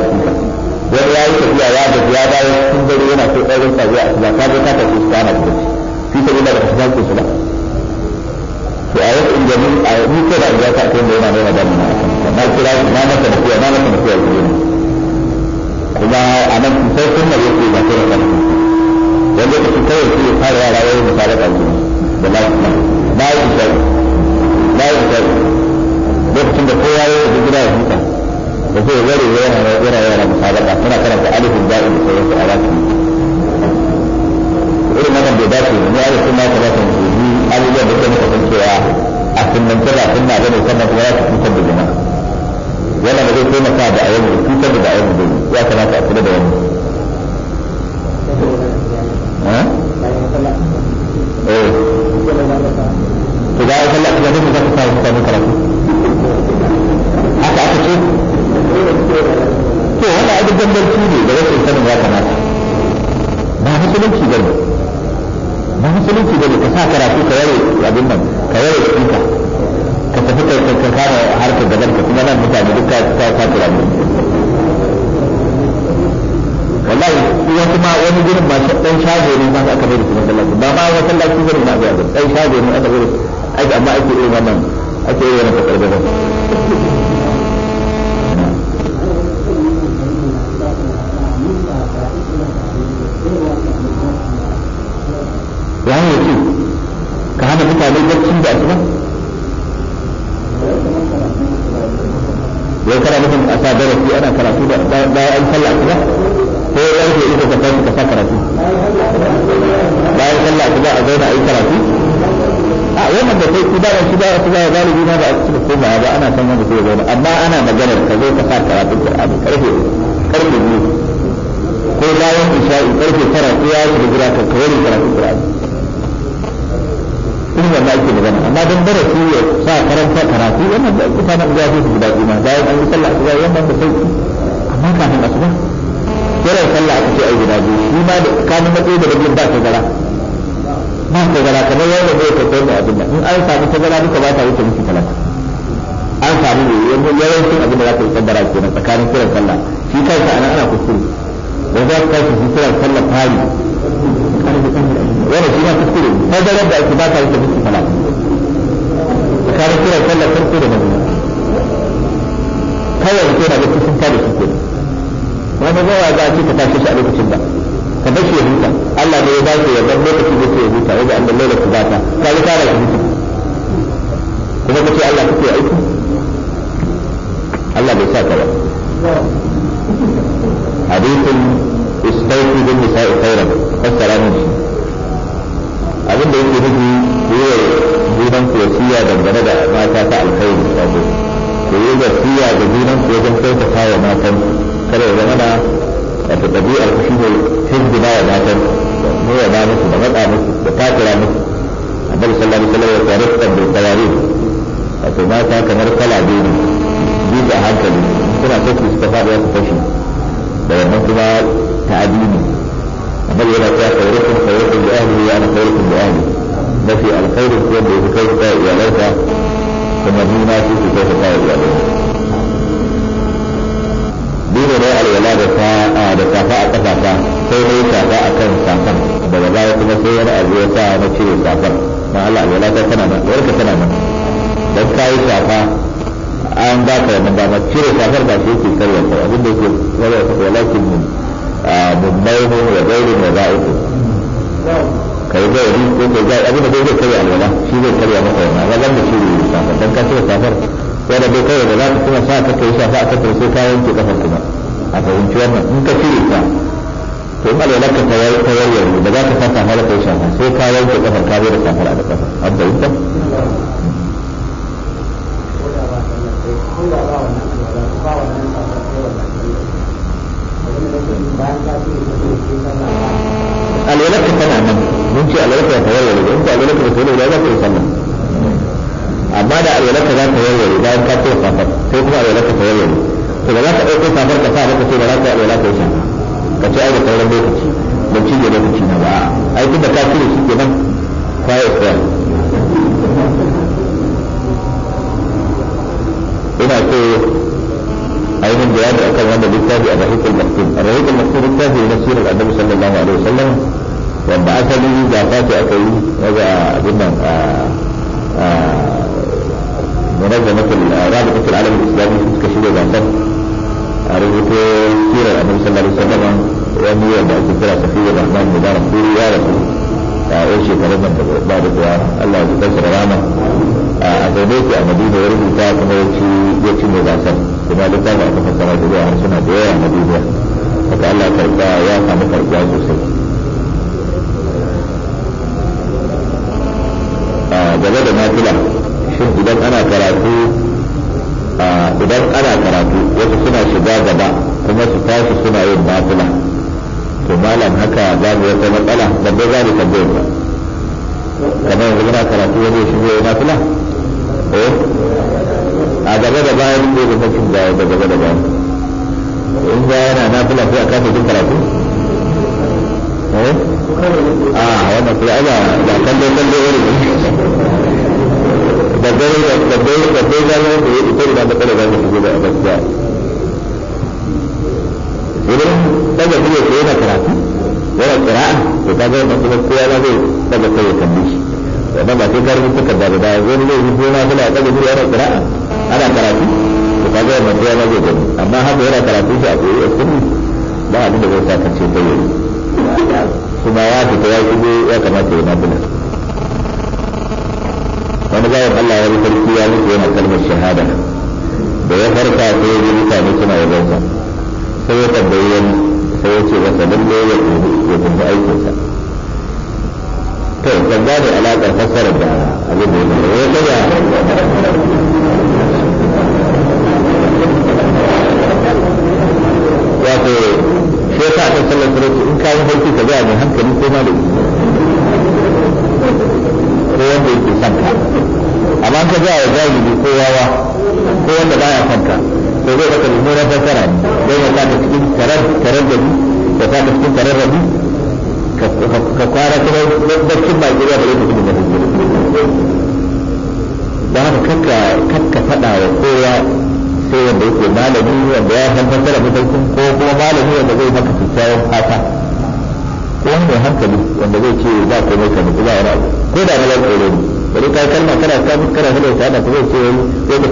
yi tafiya ya da ya bayan sun dare yana so ɗaurin sa ka ga ta ta kwana da ta ila da su san su to a yau in gani a ni ko da ya ta kai da yana nuna da mu na kira na masa da kuwa na masa da kuwa kuma a nan sai sun yake ba ta da kansu wanda ta kawai su fara yara wani da lafiya bayan isha'i bayan isha'i lokacin da kowa ya yi gida ya huta da zai ware ya yana yana yana musabaka suna karanta alifin da'i da yake a rafi irin wannan bai dace ne ya rasu ma kamata mu yi abubuwan da kuma kasancewa a sunnantar da sunna bane sannan kuma ya cutar da jama'a wannan da zai taimaka da ayyuka da cutar da ayyuka da ya kamata a kula da wannan eh? Eh. to da ya sallah ta zama ta kawo ta karatu haka aka ce to wannan abin gambarci ne da rashin sanin ya kamata ba musulunci ba ne ba musulunci ba ne ka sa karatu ka yare abin nan ka yare kuka ka tafi ka kare harkar gaban ka kuma nan mutane duka ta sa karatu wallahi ya kuma wani gurin ba shi dan shago ne ba aka mai da masallaci ba ba masallaci gurin ba ya dan shago ne aka mai ake amma ake irin wannan ake irin wannan fakar gaba ya hanyar ce ka hana mutane da asuba ya mutum a sa darasi ana karatu da bayan an sallah asuba ko ya ke ita ka tashi ka sa karatu bayan sallah ku za a zauna a yi karatu a wannan da sai kuda da kuda kuda ya galibi na ba a cikin koma ba ana san wanda zai zauna amma ana magana ka zo ka sa karatu Qur'ani karfe karfe ne ko bayan isha'i karfe tara ko ya shiga gida ka kawai karatu Qur'ani in da ake magana amma dan darasi ya sa karanta karatu wannan da kuka na gaji su guda biyu ma bayan an yi sallah ku ga da sai amma kafin asuba kiran sallah aka ce ai guda biyu shi ma da kanin matsayi da rajin ba tazara ba tazara kamar da zai ka da abin da in an samu tazara duka ba ta wuce miki talata an samu ne yawancin abin da za ka yi kaddara ke nan tsakanin kiran sallah shi kansa ana ana kuskure da za ka kai shi kiran sallah fari wanda shi ma kuskure tazarar da ake ba ta wuce miki talata tsakanin kiran sallah farko da na kawai mutum na da kusan ta da kuskure wani gawa za a ce ka tashi shi a lokacin ba ka bar shi ya huta Allah ne ya ba ya bar lokaci da ya huta wajen an da laila ku bata ka ga fara ya huta kuma ka ce Allah kake aiki Allah bai sa ka ba hadisin istauki bin nisa'i khairan fassara min shi abin da yake nufi yiwa junan ku wasiya dangane da mata ta alkhairi wato ku yi wasiya da junan ku wajen kyautata wa matan ku kada ya zama na wato ɗabi'ar ku shi ne hizbi ba ya dace ne ya ba musu da matsa musu da takura musu annabi sallallahu alaihi wasallam ya tsare su bil qawari wato mata kamar kwalabe ne bi da hankali suna so su suka faɗi su fashi da wannan kuma ta'adi ne annabi yana cewa khairukum khairukum bi ahlihi wa ana khairukum bi ahli mafi alkhairu wanda ya fi kai ta iyalansa kuma ni na fi kai ta iyalansa dole ne alwala da ta da safa a kafafa sai dai safa a kan safan daga baya kuma sai wani abu ya sa na cire safan na Allah alwala ta tana nan warka tana nan dan kai safa an ba ka wannan dama cire safar ba shi yake karya ta abin da yake karya ta walakin min mummainu wa gairin wa ba'iku kai zai yi ko kai zai abin da zai karya alwala shi zai karya maka wannan ba zan da cire safar dan ka cire safar wanda dai kawai da za ka kuma sa ka kai shafa ka kai sai ka yanke kafar kuma a fahimci wannan in ka cire ta to in alwala ka ta yayi ta yayi da za ka sa safa da kai shafa sai ka yanke kafar ka da safar a da kafa an fahimta alwalarka tana nan mun ce alwalarka ta yayi da in ka alwalarka ta yayi da za ka yi sallah amma da alwalar za ka warware bayan ka tsaya safar ko kuma alwalar ka ta warware to ba za ka ɗauko safar ka sa maka ce ba za ka alwalar ka yi shafa ka ce ai da sauran lokaci ba ci da lokaci na ba ai tun da ka cire shi nan kwaya kwaye ina so ainihin da akan wanda littafi a rahikul maktub a rahikul maktub littafi na sirar annabi sallallahu alaihi wasallam wanda asali gafa ce aka yi daga abin nan a منظمة رابطة العالم الإسلامي suka shirya zaben a rubuto kiran abin ake kira safiyar rahman mubarak ko ya rasu a yan shekarun da ba rama a a madina ya rubuta kuma ya ci gasar kuma littafin aka fassara da yawa harsuna da yawa Allah karba ya samu karba sosai gaba da nafila lokacin idan ana karatu idan ana karatu wasu suna shiga gaba kuma su tashi suna yin nafila to malam haka babu wata matsala babbar za mu tambayar ba kamar yanzu muna karatu wani ya shigo ya nafila eh a gaba da bayan ne da mutum da gaba da bayan in ba yana nafila sai a kafa jin karatu eh a wannan kuma ana ba kallon kallon irin da dai da da dai da dai da ne da da da idan daga duk da yana karatu yana qira'a to kaga ba kuma kowa ba zai daga kai ya kalli shi wannan ba sai karbi suka da da wani ne yi gona suna daga duk yana qira'a ana karatu to kaga wannan kowa ba zai gani amma haka yana karatu shi a koyi a sunni ba abin da zai sa kace bayyana kuma ya fita ya shigo ya kamata ya nabula wani bayan Allah ya rikar ya mutu yana kalmar shahada da ya farka sai ya mutane suna sai ya tambayi wani sai ya ce masa lalle ya koyi aikinsa to kan gane alaƙar fassarar da abin da ya zama ya tsaya wato shi ya sa a kan sallar sarauta in kayan farki ka zai mai hankali ko ma da ko wanda yake son ka amma ka ga ya zagi ko yawa ko wanda baya son ka to zai baka mummunar fassara ne don ya sa cikin tarar tarar da ya sa cikin tarar da ka kwara ba gida da ka da haka kakka kakka faɗa wa kowa sai wanda yake malami wanda ya san mutum ko kuma malami wanda zai maka kyakkyawar fata wani mai hankali wanda zai ce za ko mai ka mutu ba ko da na tsoro ne bari ka kalma kana ka kana hada ta da ko ce wani ko